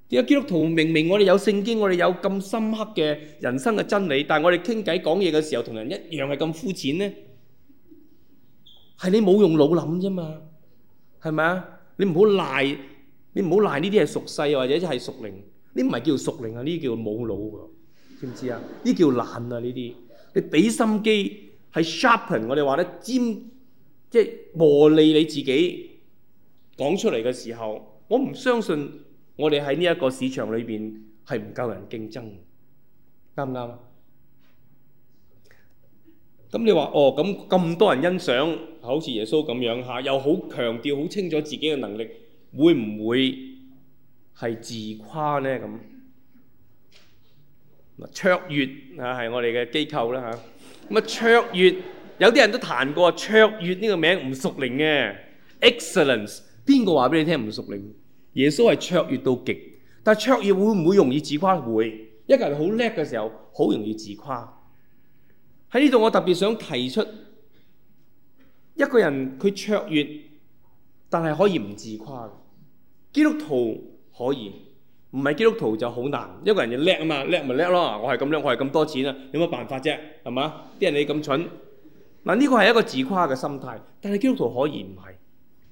點解基督徒明明我哋有聖經，我哋有咁深刻嘅人生嘅真理，但係我哋傾偈講嘢嘅時候同人一樣係咁膚淺呢？係你冇用腦諗啫嘛？係咪啊？你唔好賴，你唔好賴呢啲係屬世，或者係屬靈。呢啲唔係叫做屬靈啊，呢啲叫做冇腦喎。知唔知啊？呢啲叫懶啊！呢啲你畀心機。係 sharpen，我哋話咧尖，Gym, 即係磨利你自己講出嚟嘅時候，我唔相信我哋喺呢一個市場裏邊係唔夠人競爭，啱唔啱？咁你話哦，咁咁多人欣賞好似耶穌咁樣嚇，又好強調好清楚自己嘅能力，會唔會係自誇咧咁？嗱，卓越嚇係我哋嘅機構啦嚇。卓越，有啲人都彈過卓越呢個名唔屬靈嘅。Excellence，邊個話俾你聽唔屬靈？耶穌係卓越到極，但卓越會唔會容易自誇？會，一個人好叻嘅時候，好容易自誇。喺呢度，我特別想提出一個人，佢卓越，但係可以唔自誇。基督徒可以。唔係基督徒就好難，一個人要叻啊嘛，叻咪叻咯，我係咁叻，我係咁多錢啊，有乜辦法啫？係嘛？啲人你咁蠢，嗱，呢個係一個自誇嘅心態，但係基督徒可以唔係？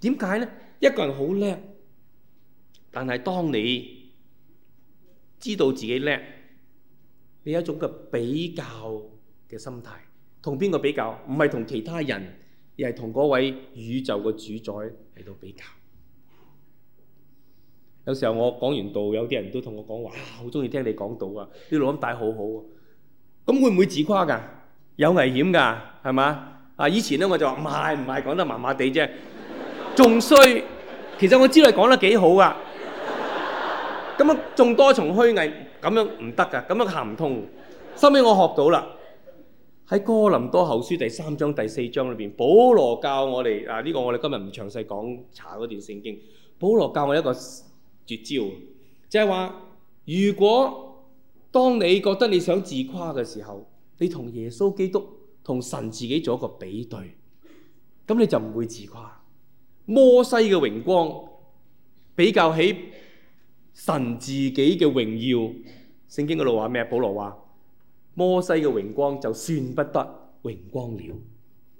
點解咧？一個人好叻，但係當你知道自己叻，你有一種嘅比較嘅心態，同邊個比較？唔係同其他人，而係同嗰位宇宙嘅主宰嚟到比較。有時候我講完道，有啲人都同我講話，好中意聽你講道啊！啲錄音帶好好啊，咁會唔會自誇㗎？有危險㗎，係嘛？啊！以前咧我就話唔係，唔係講得麻麻地啫，仲衰。其實我知道你講得幾好啊，咁樣仲多重虛偽，咁樣唔得㗎，咁樣行唔通。收尾我學到啦，喺哥林多後書第三章第四章裏邊，保羅教我哋啊，呢個我哋今日唔詳細講查嗰段聖經。保羅教我一個。絕招，即係話：如果當你覺得你想自誇嘅時候，你同耶穌基督、同神自己做一個比對，咁你就唔會自誇。摩西嘅榮光比較起神自己嘅榮耀，聖經嗰度話咩？保羅話：摩西嘅榮光就算不得榮光了。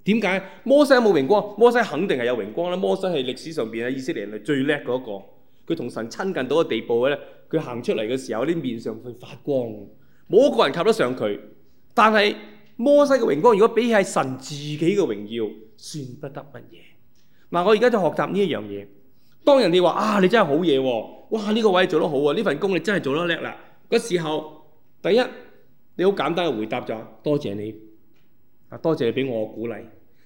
點解？摩西有冇榮光？摩西肯定係有榮光啦。摩西係歷史上邊啊，以色列人係最叻嗰個。佢同神親近到嘅地步咧，佢行出嚟嘅時候，啲面上會發光，冇一個人及得上佢。但係摩西嘅榮光，如果比起神自己嘅榮耀，算不得乜嘢。嗱，我而家就學習呢一樣嘢。當人哋話啊，你真係好嘢喎，哇！呢個位做得好啊，呢份工你真係做得叻啦。嗰時候，第一你好簡單嘅回答就多謝你啊，多謝你俾我鼓勵。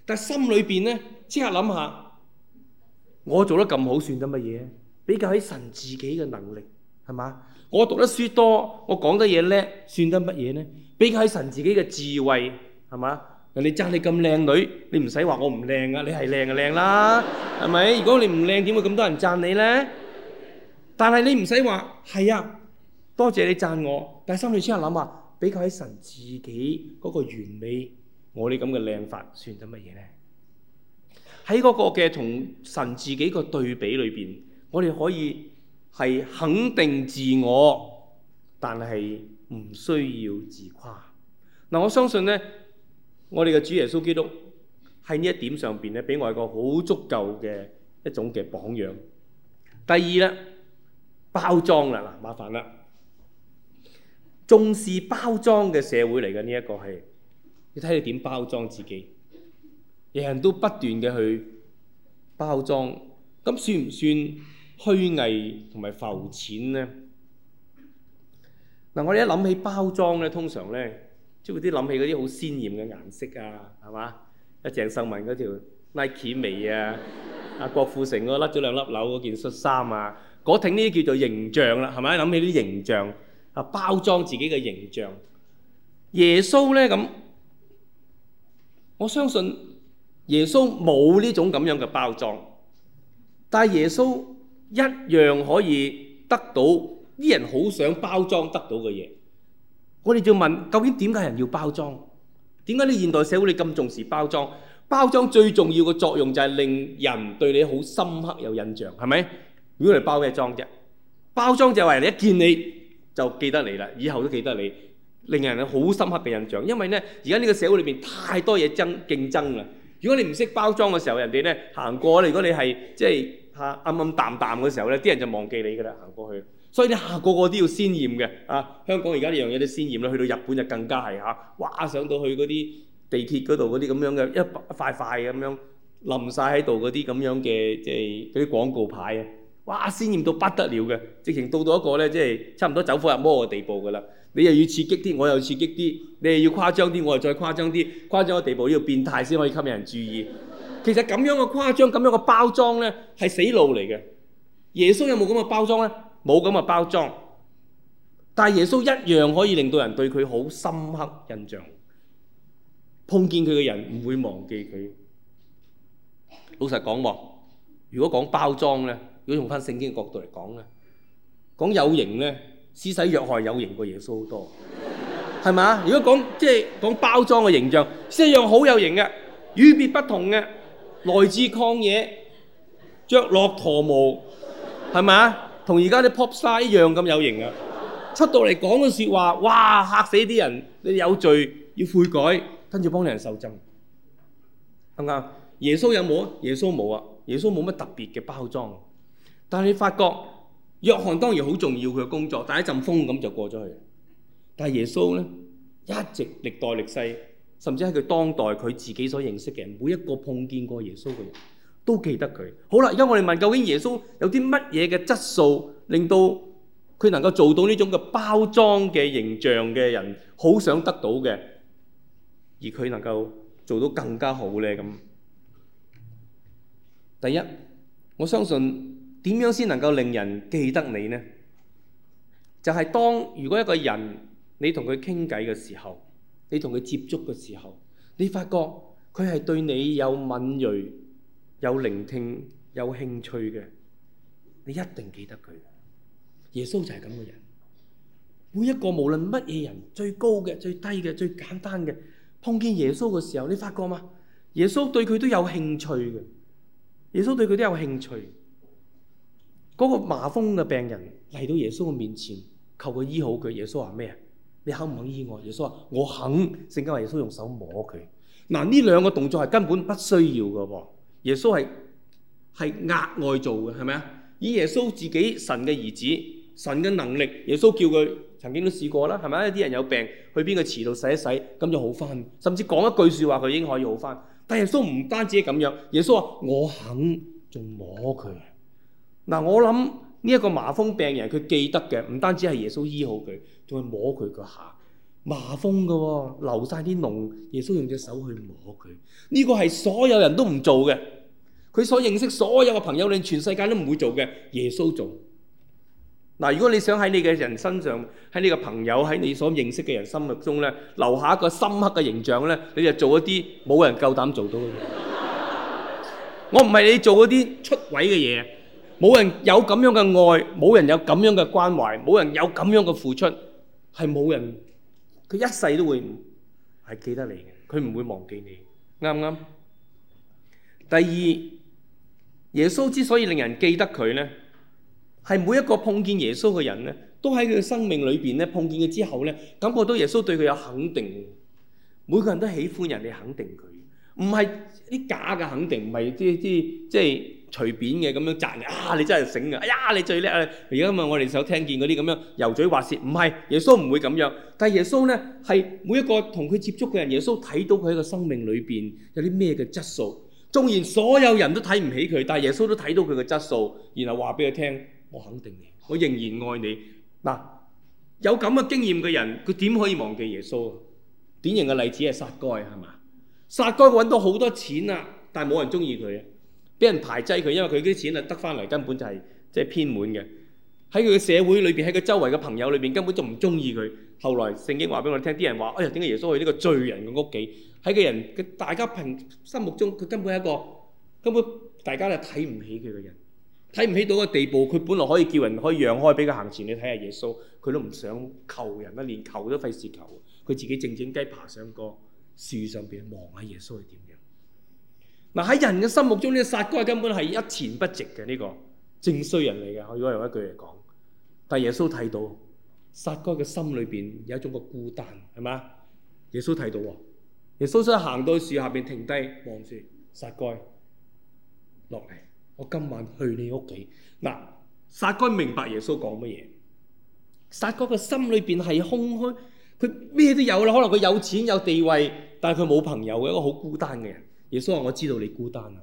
但係心裏邊咧，即刻諗下，我做得咁好，算得乜嘢？比較喺神自己嘅能力係嘛？我讀得書多，我講得嘢叻，算得乜嘢呢？比較喺神自己嘅智慧係嘛？人哋讚你咁靚女，你唔使話我唔靚噶，你係靚就靚啦，係咪？ 如果你唔靚，點會咁多人讚你呢？但係你唔使話係啊，多謝你讚我。但係心裏先係諗啊，比較喺神自己嗰個完美，我啲咁嘅靚法算得乜嘢呢？喺嗰個嘅同神自己個對比裏邊。我哋可以係肯定自我，但係唔需要自誇。嗱、啊，我相信咧，我哋嘅主耶穌基督喺呢一點上邊咧，俾我一個好足夠嘅一種嘅榜樣。第二啦，包裝啦，嗱，麻煩啦，重視包裝嘅社會嚟嘅呢一個係，你睇你點包裝自己，人人都不斷嘅去包裝，咁算唔算？虛偽同埋浮淺咧，嗱我哋一諗起包裝咧，通常咧，即係嗰啲諗起嗰啲好鮮豔嘅顏色啊，係嘛？阿鄭秀文嗰條 Nike 眉啊，阿郭富城嗰甩咗兩粒鈕嗰件恤衫啊，嗰挺呢啲叫做形象啦，係咪？諗起啲形象啊，包裝自己嘅形象。耶穌咧咁，我相信耶穌冇呢種咁樣嘅包裝，但係耶穌一樣可以得到啲人好想包裝得到嘅嘢。我哋就問究竟點解人要包裝？點解你現代社會你咁重視包裝？包裝最重要嘅作用就係令人對你好深刻有印象，係咪？如果你包咩裝啫？包裝就係話人哋一見你就記得你啦，以後都記得你，令人好深刻嘅印象。因為呢，而家呢個社會裏面太多嘢爭競爭啦。如果你唔識包裝嘅時候，人哋呢行過，如果你係即係。啱、啊、啱淡淡嘅時候呢，啲人就忘記你噶啦，行過去。所以你下、啊、個個都要鮮豔嘅。啊，香港而家呢樣嘢都鮮豔啦，去到日本就更加係吓，哇！上到去嗰啲地鐵嗰度嗰啲咁樣嘅一塊塊咁樣淋晒喺度嗰啲咁樣嘅，即係啲廣告牌啊，哇！塊塊就是啊、鮮豔到不得了嘅，直情到到一個呢，即係差唔多走火入魔嘅地步噶啦。你又要刺激啲，我又刺激啲，你又要誇張啲，我又再誇張啲，誇張嘅地步要變態先可以吸引人注意。 其實咁樣嘅誇張、咁樣嘅包裝咧，係死路嚟嘅。耶穌有冇咁嘅包裝咧？冇咁嘅包裝。但係耶穌一樣可以令到人對佢好深刻印象，碰見佢嘅人唔會忘記佢。老實講喎，如果講包裝呢，如果用翻聖經嘅角度嚟講呢，講有型呢，施洗約翰有型過耶穌好多，係 嘛？如果講即係講包裝嘅形象，一樣好有型嘅，與別不同嘅。來自曠野，着駱駝毛，係咪啊？同而家啲 pop star 一樣咁有型啊！出到嚟講嘅説話，哇，嚇死啲人！你有罪要悔改，跟住幫你人受浸，啱唔啱？耶穌有冇啊？耶穌冇啊！耶穌冇乜特別嘅包裝。但係你發覺，約翰當然好重要佢嘅工作，但係一陣風咁就過咗去。但係耶穌咧，一直歷代歷世。甚至係佢當代佢自己所認識嘅每一個碰見過耶穌嘅人都記得佢。好啦，而家我哋問究竟耶穌有啲乜嘢嘅質素，令到佢能夠做到呢種嘅包裝嘅形象嘅人好想得到嘅，而佢能夠做到更加好呢？咁第一，我相信點樣先能夠令人記得你呢？就係、是、當如果一個人你同佢傾偈嘅時候。你同佢接觸嘅時候，你發覺佢係對你有敏鋭、有聆聽、有興趣嘅，你一定記得佢。耶穌就係咁嘅人。每一個無論乜嘢人，最高嘅、最低嘅、最簡單嘅，碰見耶穌嘅時候，你發覺嘛？耶穌對佢都有興趣嘅。耶穌對佢都有興趣。嗰個麻風嘅病人嚟到耶穌嘅面前，求佢醫好佢。耶穌話咩啊？你肯唔肯醫我？耶穌話：我肯。聖經話耶穌用手摸佢。嗱，呢兩個動作係根本不需要嘅噃。耶穌係係額外做嘅，係咪啊？以耶穌自己神嘅兒子、神嘅能力，耶穌叫佢曾經都試過啦，係咪啊？一啲人有病，去邊個池度洗一洗，咁就好返。甚至講一句説話，佢已經可以好返。但耶穌唔單止係咁樣，耶穌話：我肯仲摸佢。嗱，我諗。呢一個麻風病人，佢記得嘅唔單止係耶穌醫好佢，仲係摸佢個下麻風嘅喎，流曬啲膿。耶穌用隻手去摸佢，呢個係所有人都唔做嘅。佢所認識所有嘅朋友，你全世界都唔會做嘅。耶穌做。嗱，如果你想喺你嘅人身上，喺你嘅朋友，喺你所認識嘅人心目中咧，留下一個深刻嘅形象咧，你就做一啲冇人夠膽做到嘅嘢。我唔係你做嗰啲出軌嘅嘢。冇人有咁樣嘅愛，冇人有咁樣嘅關懷，冇人有咁樣嘅付出，係冇人，佢一世都會係記得你嘅，佢唔會忘記你。啱唔啱？第二，耶穌之所以令人記得佢咧，係每一個碰見耶穌嘅人咧，都喺佢嘅生命裏邊咧碰見佢之後咧，感覺到耶穌對佢有肯定。每個人都喜歡人哋肯定佢，唔係啲假嘅肯定，唔係即係即係即係。隨便嘅咁樣讚啊！你真係醒嘅，哎呀！你最叻啊！而家咁啊，我哋想聽見嗰啲咁樣油嘴滑舌，唔係耶穌唔會咁樣。但係耶穌呢，係每一個同佢接觸嘅人，耶穌睇到佢喺個生命裏邊有啲咩嘅質素。縱然所有人都睇唔起佢，但係耶穌都睇到佢嘅質素，然後話俾佢聽：我肯定嘅，我仍然愛你。嗱，有咁嘅經驗嘅人，佢點可以忘記耶穌啊？典型嘅例子係撒該係嘛？撒該揾到好多錢啦，但係冇人中意佢。俾人排擠佢，因為佢啲錢啊，得翻嚟，根本就係即係偏滿嘅。喺佢嘅社會裏邊，喺佢周圍嘅朋友裏邊，根本就唔中意佢。後來聖經話俾我哋聽，啲人話：哎呀，點解耶穌去呢個罪人嘅屋企？喺個人佢大家平心目中，佢根本係一個根本大家就睇唔起佢嘅人，睇唔起到個地步。佢本來可以叫人可以讓開俾佢行前去睇下耶穌，佢都唔想求人啊，連求都費事求。佢自己靜靜雞爬上個樹上邊望下耶穌係點樣。嗱，喺人嘅心目中，呢個殺哥根本係一錢不值嘅呢個正衰人嚟嘅。我如果用一句嚟講，但耶穌睇到殺哥嘅心裏邊有一種個孤單，係嘛？耶穌睇到喎，耶穌真係行到樹下邊停低望住殺哥落嚟，我今晚去你屋企。嗱，殺哥明白耶穌講乜嘢？殺哥嘅心裏邊係空虛，佢咩都有啦，可能佢有錢有地位，但係佢冇朋友嘅一個好孤單嘅人。耶穌話：我知道你孤單啦，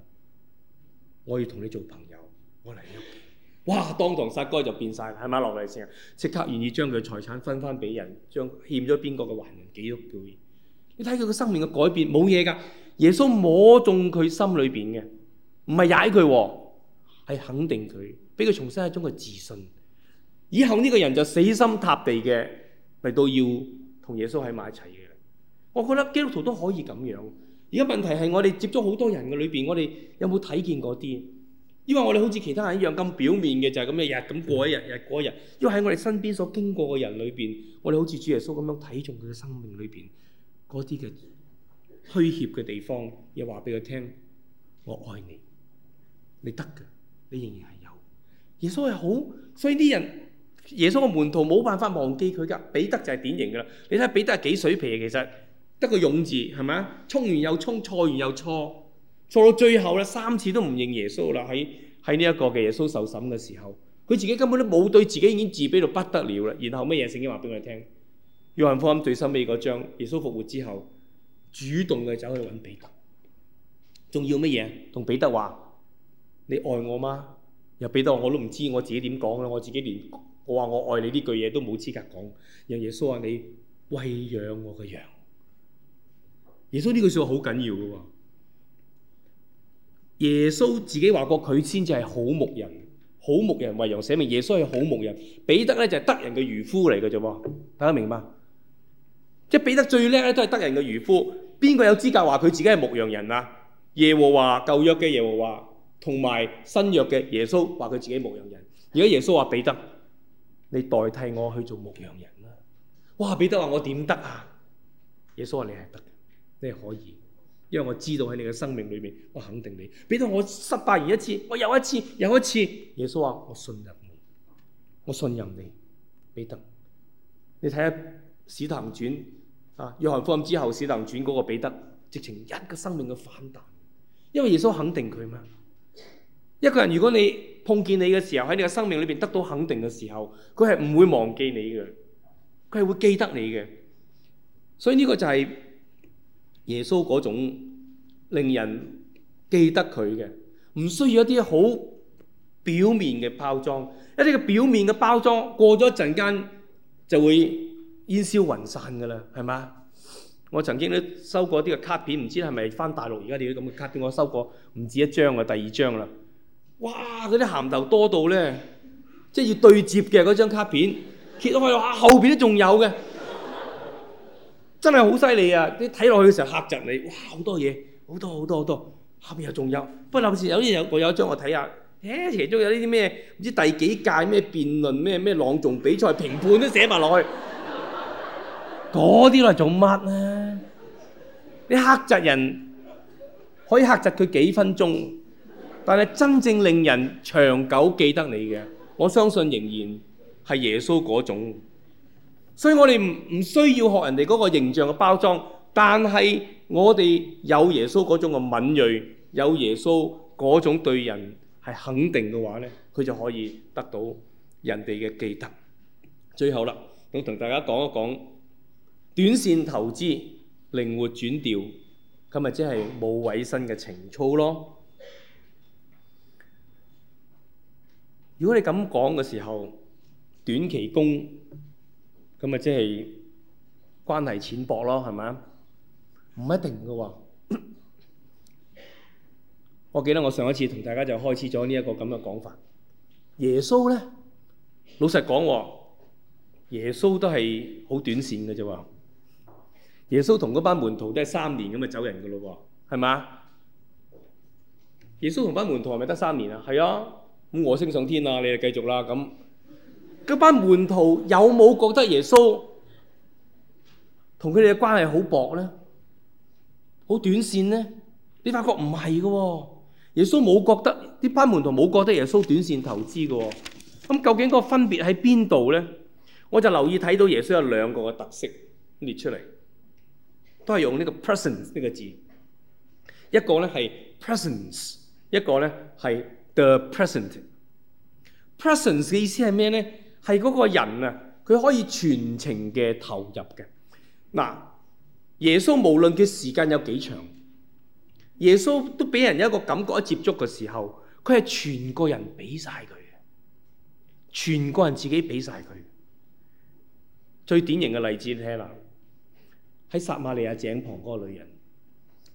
我要同你做朋友。我嚟啦！哇，當堂殺雞就變晒啦，係咪落嚟先啊？即刻願意將佢財產分翻俾人，將欠咗邊個嘅還幾多？叫你睇佢個生命嘅改變，冇嘢噶。耶穌摸中佢心裏邊嘅，唔係踩佢，係肯定佢，俾佢重新一種嘅自信。以後呢個人就死心塌地嘅嚟到要同耶穌喺埋一齊嘅。我覺得基督徒都可以咁樣。而家問題係我哋接觸好多人嘅裏邊，我哋有冇睇見嗰啲？因為我哋好似其他人一樣咁表面嘅，就係咁嘅。日咁過一日，日過一日。因為喺我哋身邊所經過嘅人裏邊，我哋好似主耶穌咁樣睇重佢嘅生命裏邊嗰啲嘅虛怯嘅地方，又話俾佢聽：我愛你，你得㗎，你仍然係有。耶穌係好，所以啲人耶穌嘅門徒冇辦法忘記佢㗎。彼得就係典型㗎啦。你睇下彼得係幾水皮啊，其實。得個勇字係咪？衝完又衝，錯完又錯，錯到最後咧，三次都唔認耶穌啦！喺喺呢一個嘅耶穌受審嘅時候，佢自己根本都冇對自己已經自卑到不得了啦。然後咩嘢？聖經話俾我哋聽，約翰福音最收尾嗰章，耶穌復活之後，主動嘅走去揾彼得，仲要咩嘢？同彼得話：你愛我嗎？又彼得話：我都唔知我自己點講啦，我自己連我話我愛你呢句嘢都冇資格講。然後耶穌話：你餵養我嘅羊。耶穌呢句說話好緊要嘅，耶穌自己話過佢先至係好牧人，好牧人為羊寫明耶穌係好牧人，彼得咧就係德人嘅漁夫嚟嘅啫，大家明白嗎？即係彼得最叻咧都係德人嘅漁夫，邊個有資格話佢自己係牧羊人啊？耶和華，舊約嘅耶和華，同埋新約嘅耶穌話佢自己牧羊人，而家耶，耶穌話彼得，你代替我去做牧羊人啦！哇！彼得話我點得啊？耶穌話你係得。你可以，因為我知道喺你嘅生命裏面，我肯定你。俾到我失敗而一次，我又一次，又一次。耶穌話：我信任你，我信任你，彼得。你睇下《使徒行傳》啊，約翰福音之後《使徒行傳》嗰個彼得，直情一個生命嘅反彈。因為耶穌肯定佢嘛。一個人如果你碰見你嘅時候喺你嘅生命裏邊得到肯定嘅時候，佢係唔會忘記你嘅，佢係會記得你嘅。所以呢個就係、是。耶穌嗰種令人記得佢嘅，唔需要一啲好表面嘅包裝，一啲嘅表面嘅包裝過咗一陣間就會煙消雲散㗎喇，係嘛？我曾經都收過啲嘅卡片，唔知係咪返大陸而家啲咁嘅卡片，我收過唔止一張啊，第二張啦，哇！嗰啲鹹豆多到咧，即係要對摺嘅嗰張卡片揭開，哇！後邊都仲有嘅。真係好犀利啊！你睇落去嘅時候嚇窒你，哇，好多嘢，好多好多好多，後面又仲有。不過時有啲有我有一張我睇下，誒、欸、其中有啲咩唔知道第幾屆咩辯論咩咩朗誦比賽評判都寫埋落去，嗰啲嚟做乜呢？你嚇窒人可以嚇窒佢幾分鐘，但係真正令人長久記得你嘅，我相信仍然係耶穌嗰種。所以我哋唔唔需要學人哋嗰個形象嘅包裝，但係我哋有耶穌嗰種嘅敏銳，有耶穌嗰種對人係肯定嘅話咧，佢就可以得到人哋嘅記得。最後啦，我同大家講一講短線投資，靈活轉調，咁咪即係冇委身嘅情操咯。如果你咁講嘅時候，短期工。咁咪即係關係淺薄咯，係咪啊？唔一定噶喎。我記得我上一次同大家就開始咗呢一個咁嘅講法，耶穌呢。耶穌咧，老實講，耶穌都係好短線嘅啫喎。耶穌同嗰班門徒都係三年咁咪走人噶咯喎，係咪啊？耶穌同班門徒係咪得三年啊？係啊，咁我升上天啦，你哋繼續啦咁。嗰班門徒有冇覺得耶穌同佢哋嘅關係好薄呢？好短線呢？你發覺唔係㗎喎，耶穌冇覺得，呢班門徒冇覺得耶穌短線投資㗎喎。咁究竟個分別喺邊度呢？我就留意睇到耶穌有兩個嘅特色列出嚟，都係用呢個 presence 呢個字。一個呢係 presence，一個呢係 the present。presence 嘅意思係咩呢？係嗰個人啊，佢可以全程嘅投入嘅。嗱，耶穌無論佢時間有幾長，耶穌都俾人一個感覺，一接觸嘅時候，佢係全個人俾晒佢嘅，全個人自己俾晒佢。最典型嘅例子你睇下啦，喺撒瑪利亞井旁嗰個女人，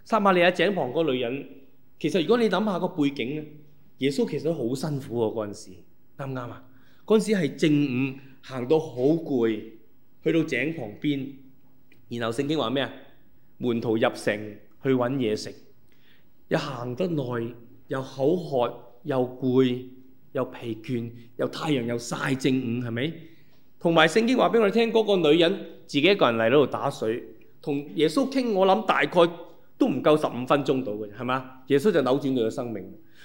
撒瑪利亞井旁嗰個女人，其實如果你諗下個背景咧，耶穌其實都好辛苦喎嗰陣時，啱唔啱啊？嗰陣時係正午，行到好攰，去到井旁邊，然後聖經話咩啊？門徒入城去揾嘢食，又行得耐，又口渴，又攰，又疲倦，又太陽又晒。正午，係咪？同埋聖經話俾我哋聽，嗰個女人自己一個人嚟到度打水，同耶穌傾，我諗大概都唔夠十五分鐘到嘅，係嘛？耶穌就扭轉佢嘅生命。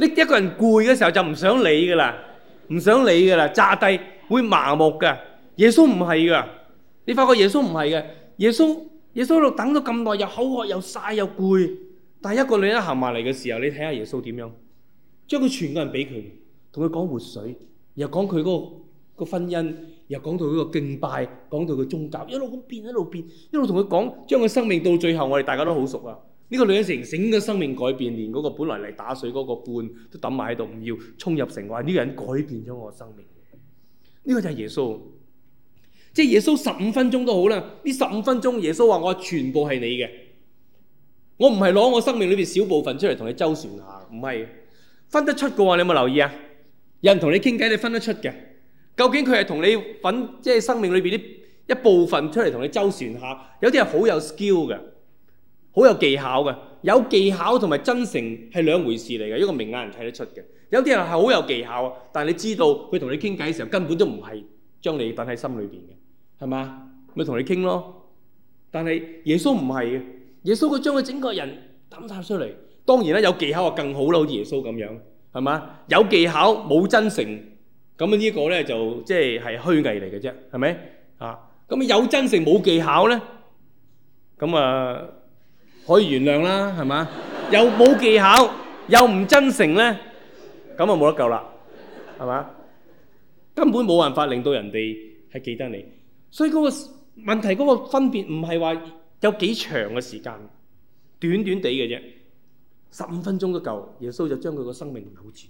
呢，一個人攰嘅時候就唔想理㗎喇，唔想理㗎喇，炸低會麻木㗎。耶穌唔係㗎，你發覺耶穌唔係嘅。耶穌耶穌喺度等咗咁耐，又口渴又曬又攰。但係一個女人行埋嚟嘅時候，你睇下耶穌點樣，將佢全個人俾佢，同佢講活水，又講佢嗰個個婚姻，又講到嗰個敬拜，講到佢宗教，一路咁變一路變，一路同佢講，將佢生命到最後，我哋大家都好熟啊。呢、個女人成成個生命改變，連嗰個本來嚟，打水嗰個罐都抌埋喺度，唔要衝入城話呢個人改變咗我生命。呢、個就係耶穌，即係耶穌十五分鐘都好啦。呢十五分鐘，耶穌話我全部係你嘅，我唔係攞我生命裏邊小部分出嚟同你周旋下，唔係。分得出嘅話，你有冇留意啊？有人同你傾偈，你分得出嘅，究竟佢係同你分，即係生命裏邊啲一部分出嚟同你周旋下，有啲係好有 skill 嘅。好有技巧嘅，有技巧同埋真誠係兩回事嚟嘅，一個明眼人睇得出嘅。有啲人係好有技巧，但係你知道佢同你傾偈嘅時候根本都唔係將你等喺心裏邊嘅，係嘛？咪同你傾咯。但係耶穌唔係嘅，耶穌佢將佢整個人抌晒出嚟。當然啦，有技巧就更好啦，好似耶穌咁樣，係嘛？有技巧冇真誠，咁啊呢個咧就即係係虛偽嚟嘅啫，係咪？啊，咁啊有真誠冇技巧咧，咁啊。可以原諒啦，係嘛？又冇技巧，又唔真誠咧，咁啊冇得救啦，係嘛？根本冇辦法令到人哋係記得你，所以嗰個問題嗰個分別唔係話有幾長嘅時間，短短地嘅啫，十五分鐘都夠。耶穌就將佢個生命留住，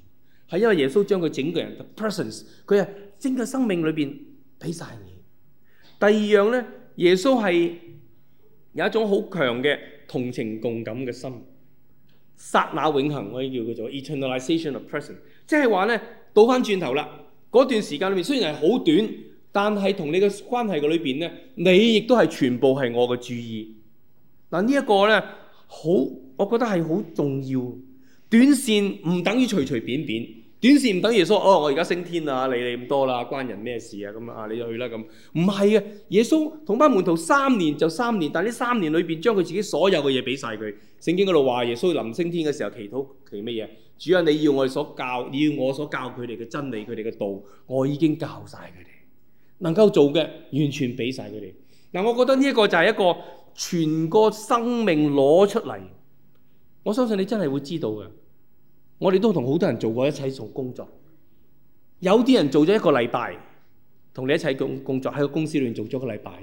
係因為耶穌將佢整個人嘅 presence，佢係整個生命裏邊俾曬你。第二樣咧，耶穌係有一種好強嘅。同情共感嘅心，剎那永恆，我以叫做 eternalization of person。即係話呢，倒翻轉頭啦，嗰段時間裏面雖然係好短，但係同你嘅關係嘅裏邊呢，你亦都係全部係我嘅注意。嗱，呢一個呢，好，我覺得係好重要。短線唔等於隨隨便便。短視唔等耶穌哦！我而家升天啦，理你咁多啦，關人咩事啊？咁啊，你就去啦咁。唔係啊，耶穌同班門徒三年就三年，但係呢三年裏面將佢自己所有嘅嘢俾晒佢。聖經嗰度話耶穌臨升天嘅時候祈禱祈乜嘢？主要你要我所教，你要我所教佢哋嘅真理，佢哋嘅道，我已經教晒佢哋，能夠做嘅完全俾晒佢哋。嗱，我覺得呢一個就係一個全個生命攞出嚟，我相信你真係會知道嘅。我哋都同好多人做過一齊做工作，有啲人做咗一個禮拜，同你一齊工工作喺個公司裏面做咗個禮拜，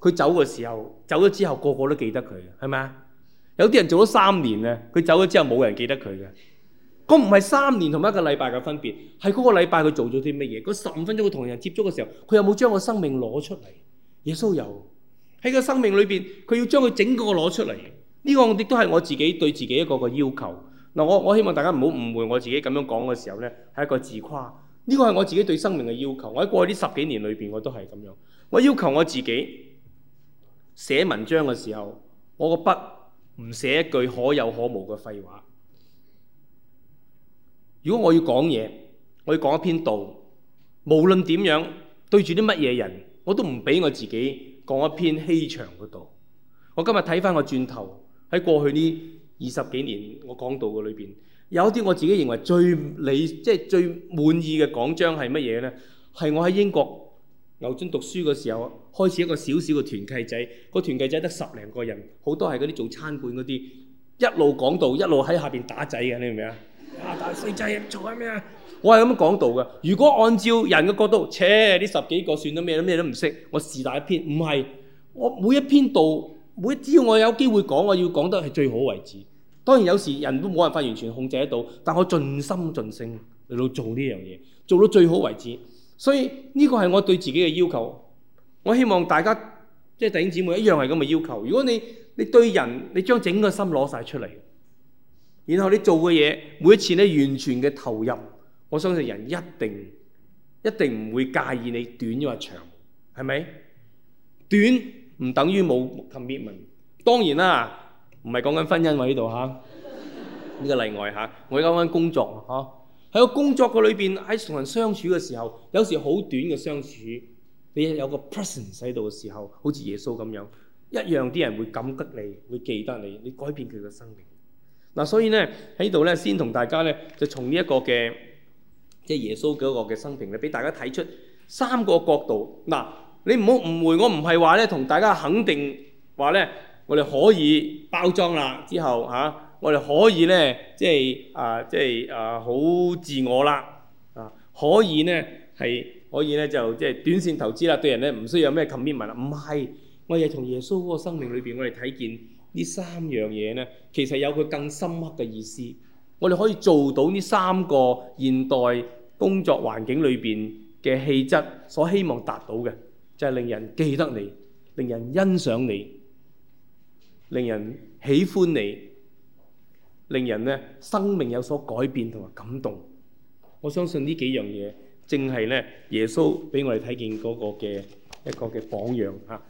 佢走嘅時候，走咗之後個個都記得佢，係咪？有啲人做咗三年啊，佢走咗之後冇人記得佢嘅，咁唔係三年同一個禮拜嘅分別，係嗰個禮拜佢做咗啲乜嘢？嗰十五分鐘佢同人接觸嘅時候，佢有冇將個生命攞出嚟？耶穌有，喺個生命裏邊，佢要將佢整個攞出嚟。呢個亦都係我自己對自己一個個要求。嗱，我我希望大家唔好誤會我自己咁樣講嘅時候咧，係一個自誇。呢個係我自己對生命嘅要求。我喺過去呢十幾年裏邊，我都係咁樣。我要求我自己寫文章嘅時候，我個筆唔寫一句可有可無嘅廢話。如果我要講嘢，我要講一篇道，無論點樣對住啲乜嘢人，我都唔俾我自己講一篇欺場嘅道。我今日睇翻個轉頭喺過去呢。二十幾年我講道嘅裏邊，有一啲我自己認為最理即係最滿意嘅講章係乜嘢呢？係我喺英國牛津讀書嘅時候，開始一個小小嘅團契仔，個團契仔得十零個人，好多係嗰啲做餐館嗰啲，一路講道一路喺下邊打仔嘅，你明唔明啊？啊！打細仔做緊咩啊？我係咁樣講道嘅。如果按照人嘅角度，切呢十幾個算到咩，都咩都唔識，我是但一篇，唔係我每一篇道。每只要我有機會講，我要講得係最好為止。當然有時人都冇辦法完全控制得到，但我盡心盡性嚟到做呢樣嘢，做到最好為止。所以呢個係我對自己嘅要求。我希望大家即係、就是、弟兄姊妹一樣係咁嘅要求。如果你你對人，你將整個心攞晒出嚟，然後你做嘅嘢每一次咧完全嘅投入，我相信人一定一定唔會介意你短抑或長，係咪短？唔等於冇 commitment。當然啦，唔係講緊婚姻喎呢度嚇，呢、啊、 個例外嚇、啊。我而家講緊工作嚇。喺、啊、個工作個裏邊，喺同人相處嘅時候，有時好短嘅相處，你有個 presence 喺度嘅時候，好似耶穌咁樣，一樣啲人會感激你，會記得你，你改變佢嘅生命。嗱、啊，所以咧喺度咧，先同大家咧就從呢一個嘅即係耶穌嘅個嘅生平咧，俾大家睇出三個角度嗱。啊你唔好誤會我，我唔係話咧同大家肯定話呢，我哋可以包裝了之後、啊、我哋可以呢，即係啊，即係啊，好自我啦啊，可以呢，係可以呢，就即係短線投資啦，對人呢，唔需要有咩 commitment 啦。唔係，我係從耶穌嗰個生命裏面，我哋睇見呢三樣嘢呢，其實有佢更深刻嘅意思。我哋可以做到呢三個現代工作環境裏面嘅氣質所希望達到嘅。就係、是、令人記得你，令人欣賞你，令人喜歡你，令人呢生命有所改變同埋感動。我相信呢幾樣嘢，正係呢耶穌俾我哋睇見嗰個嘅一個嘅榜樣啊！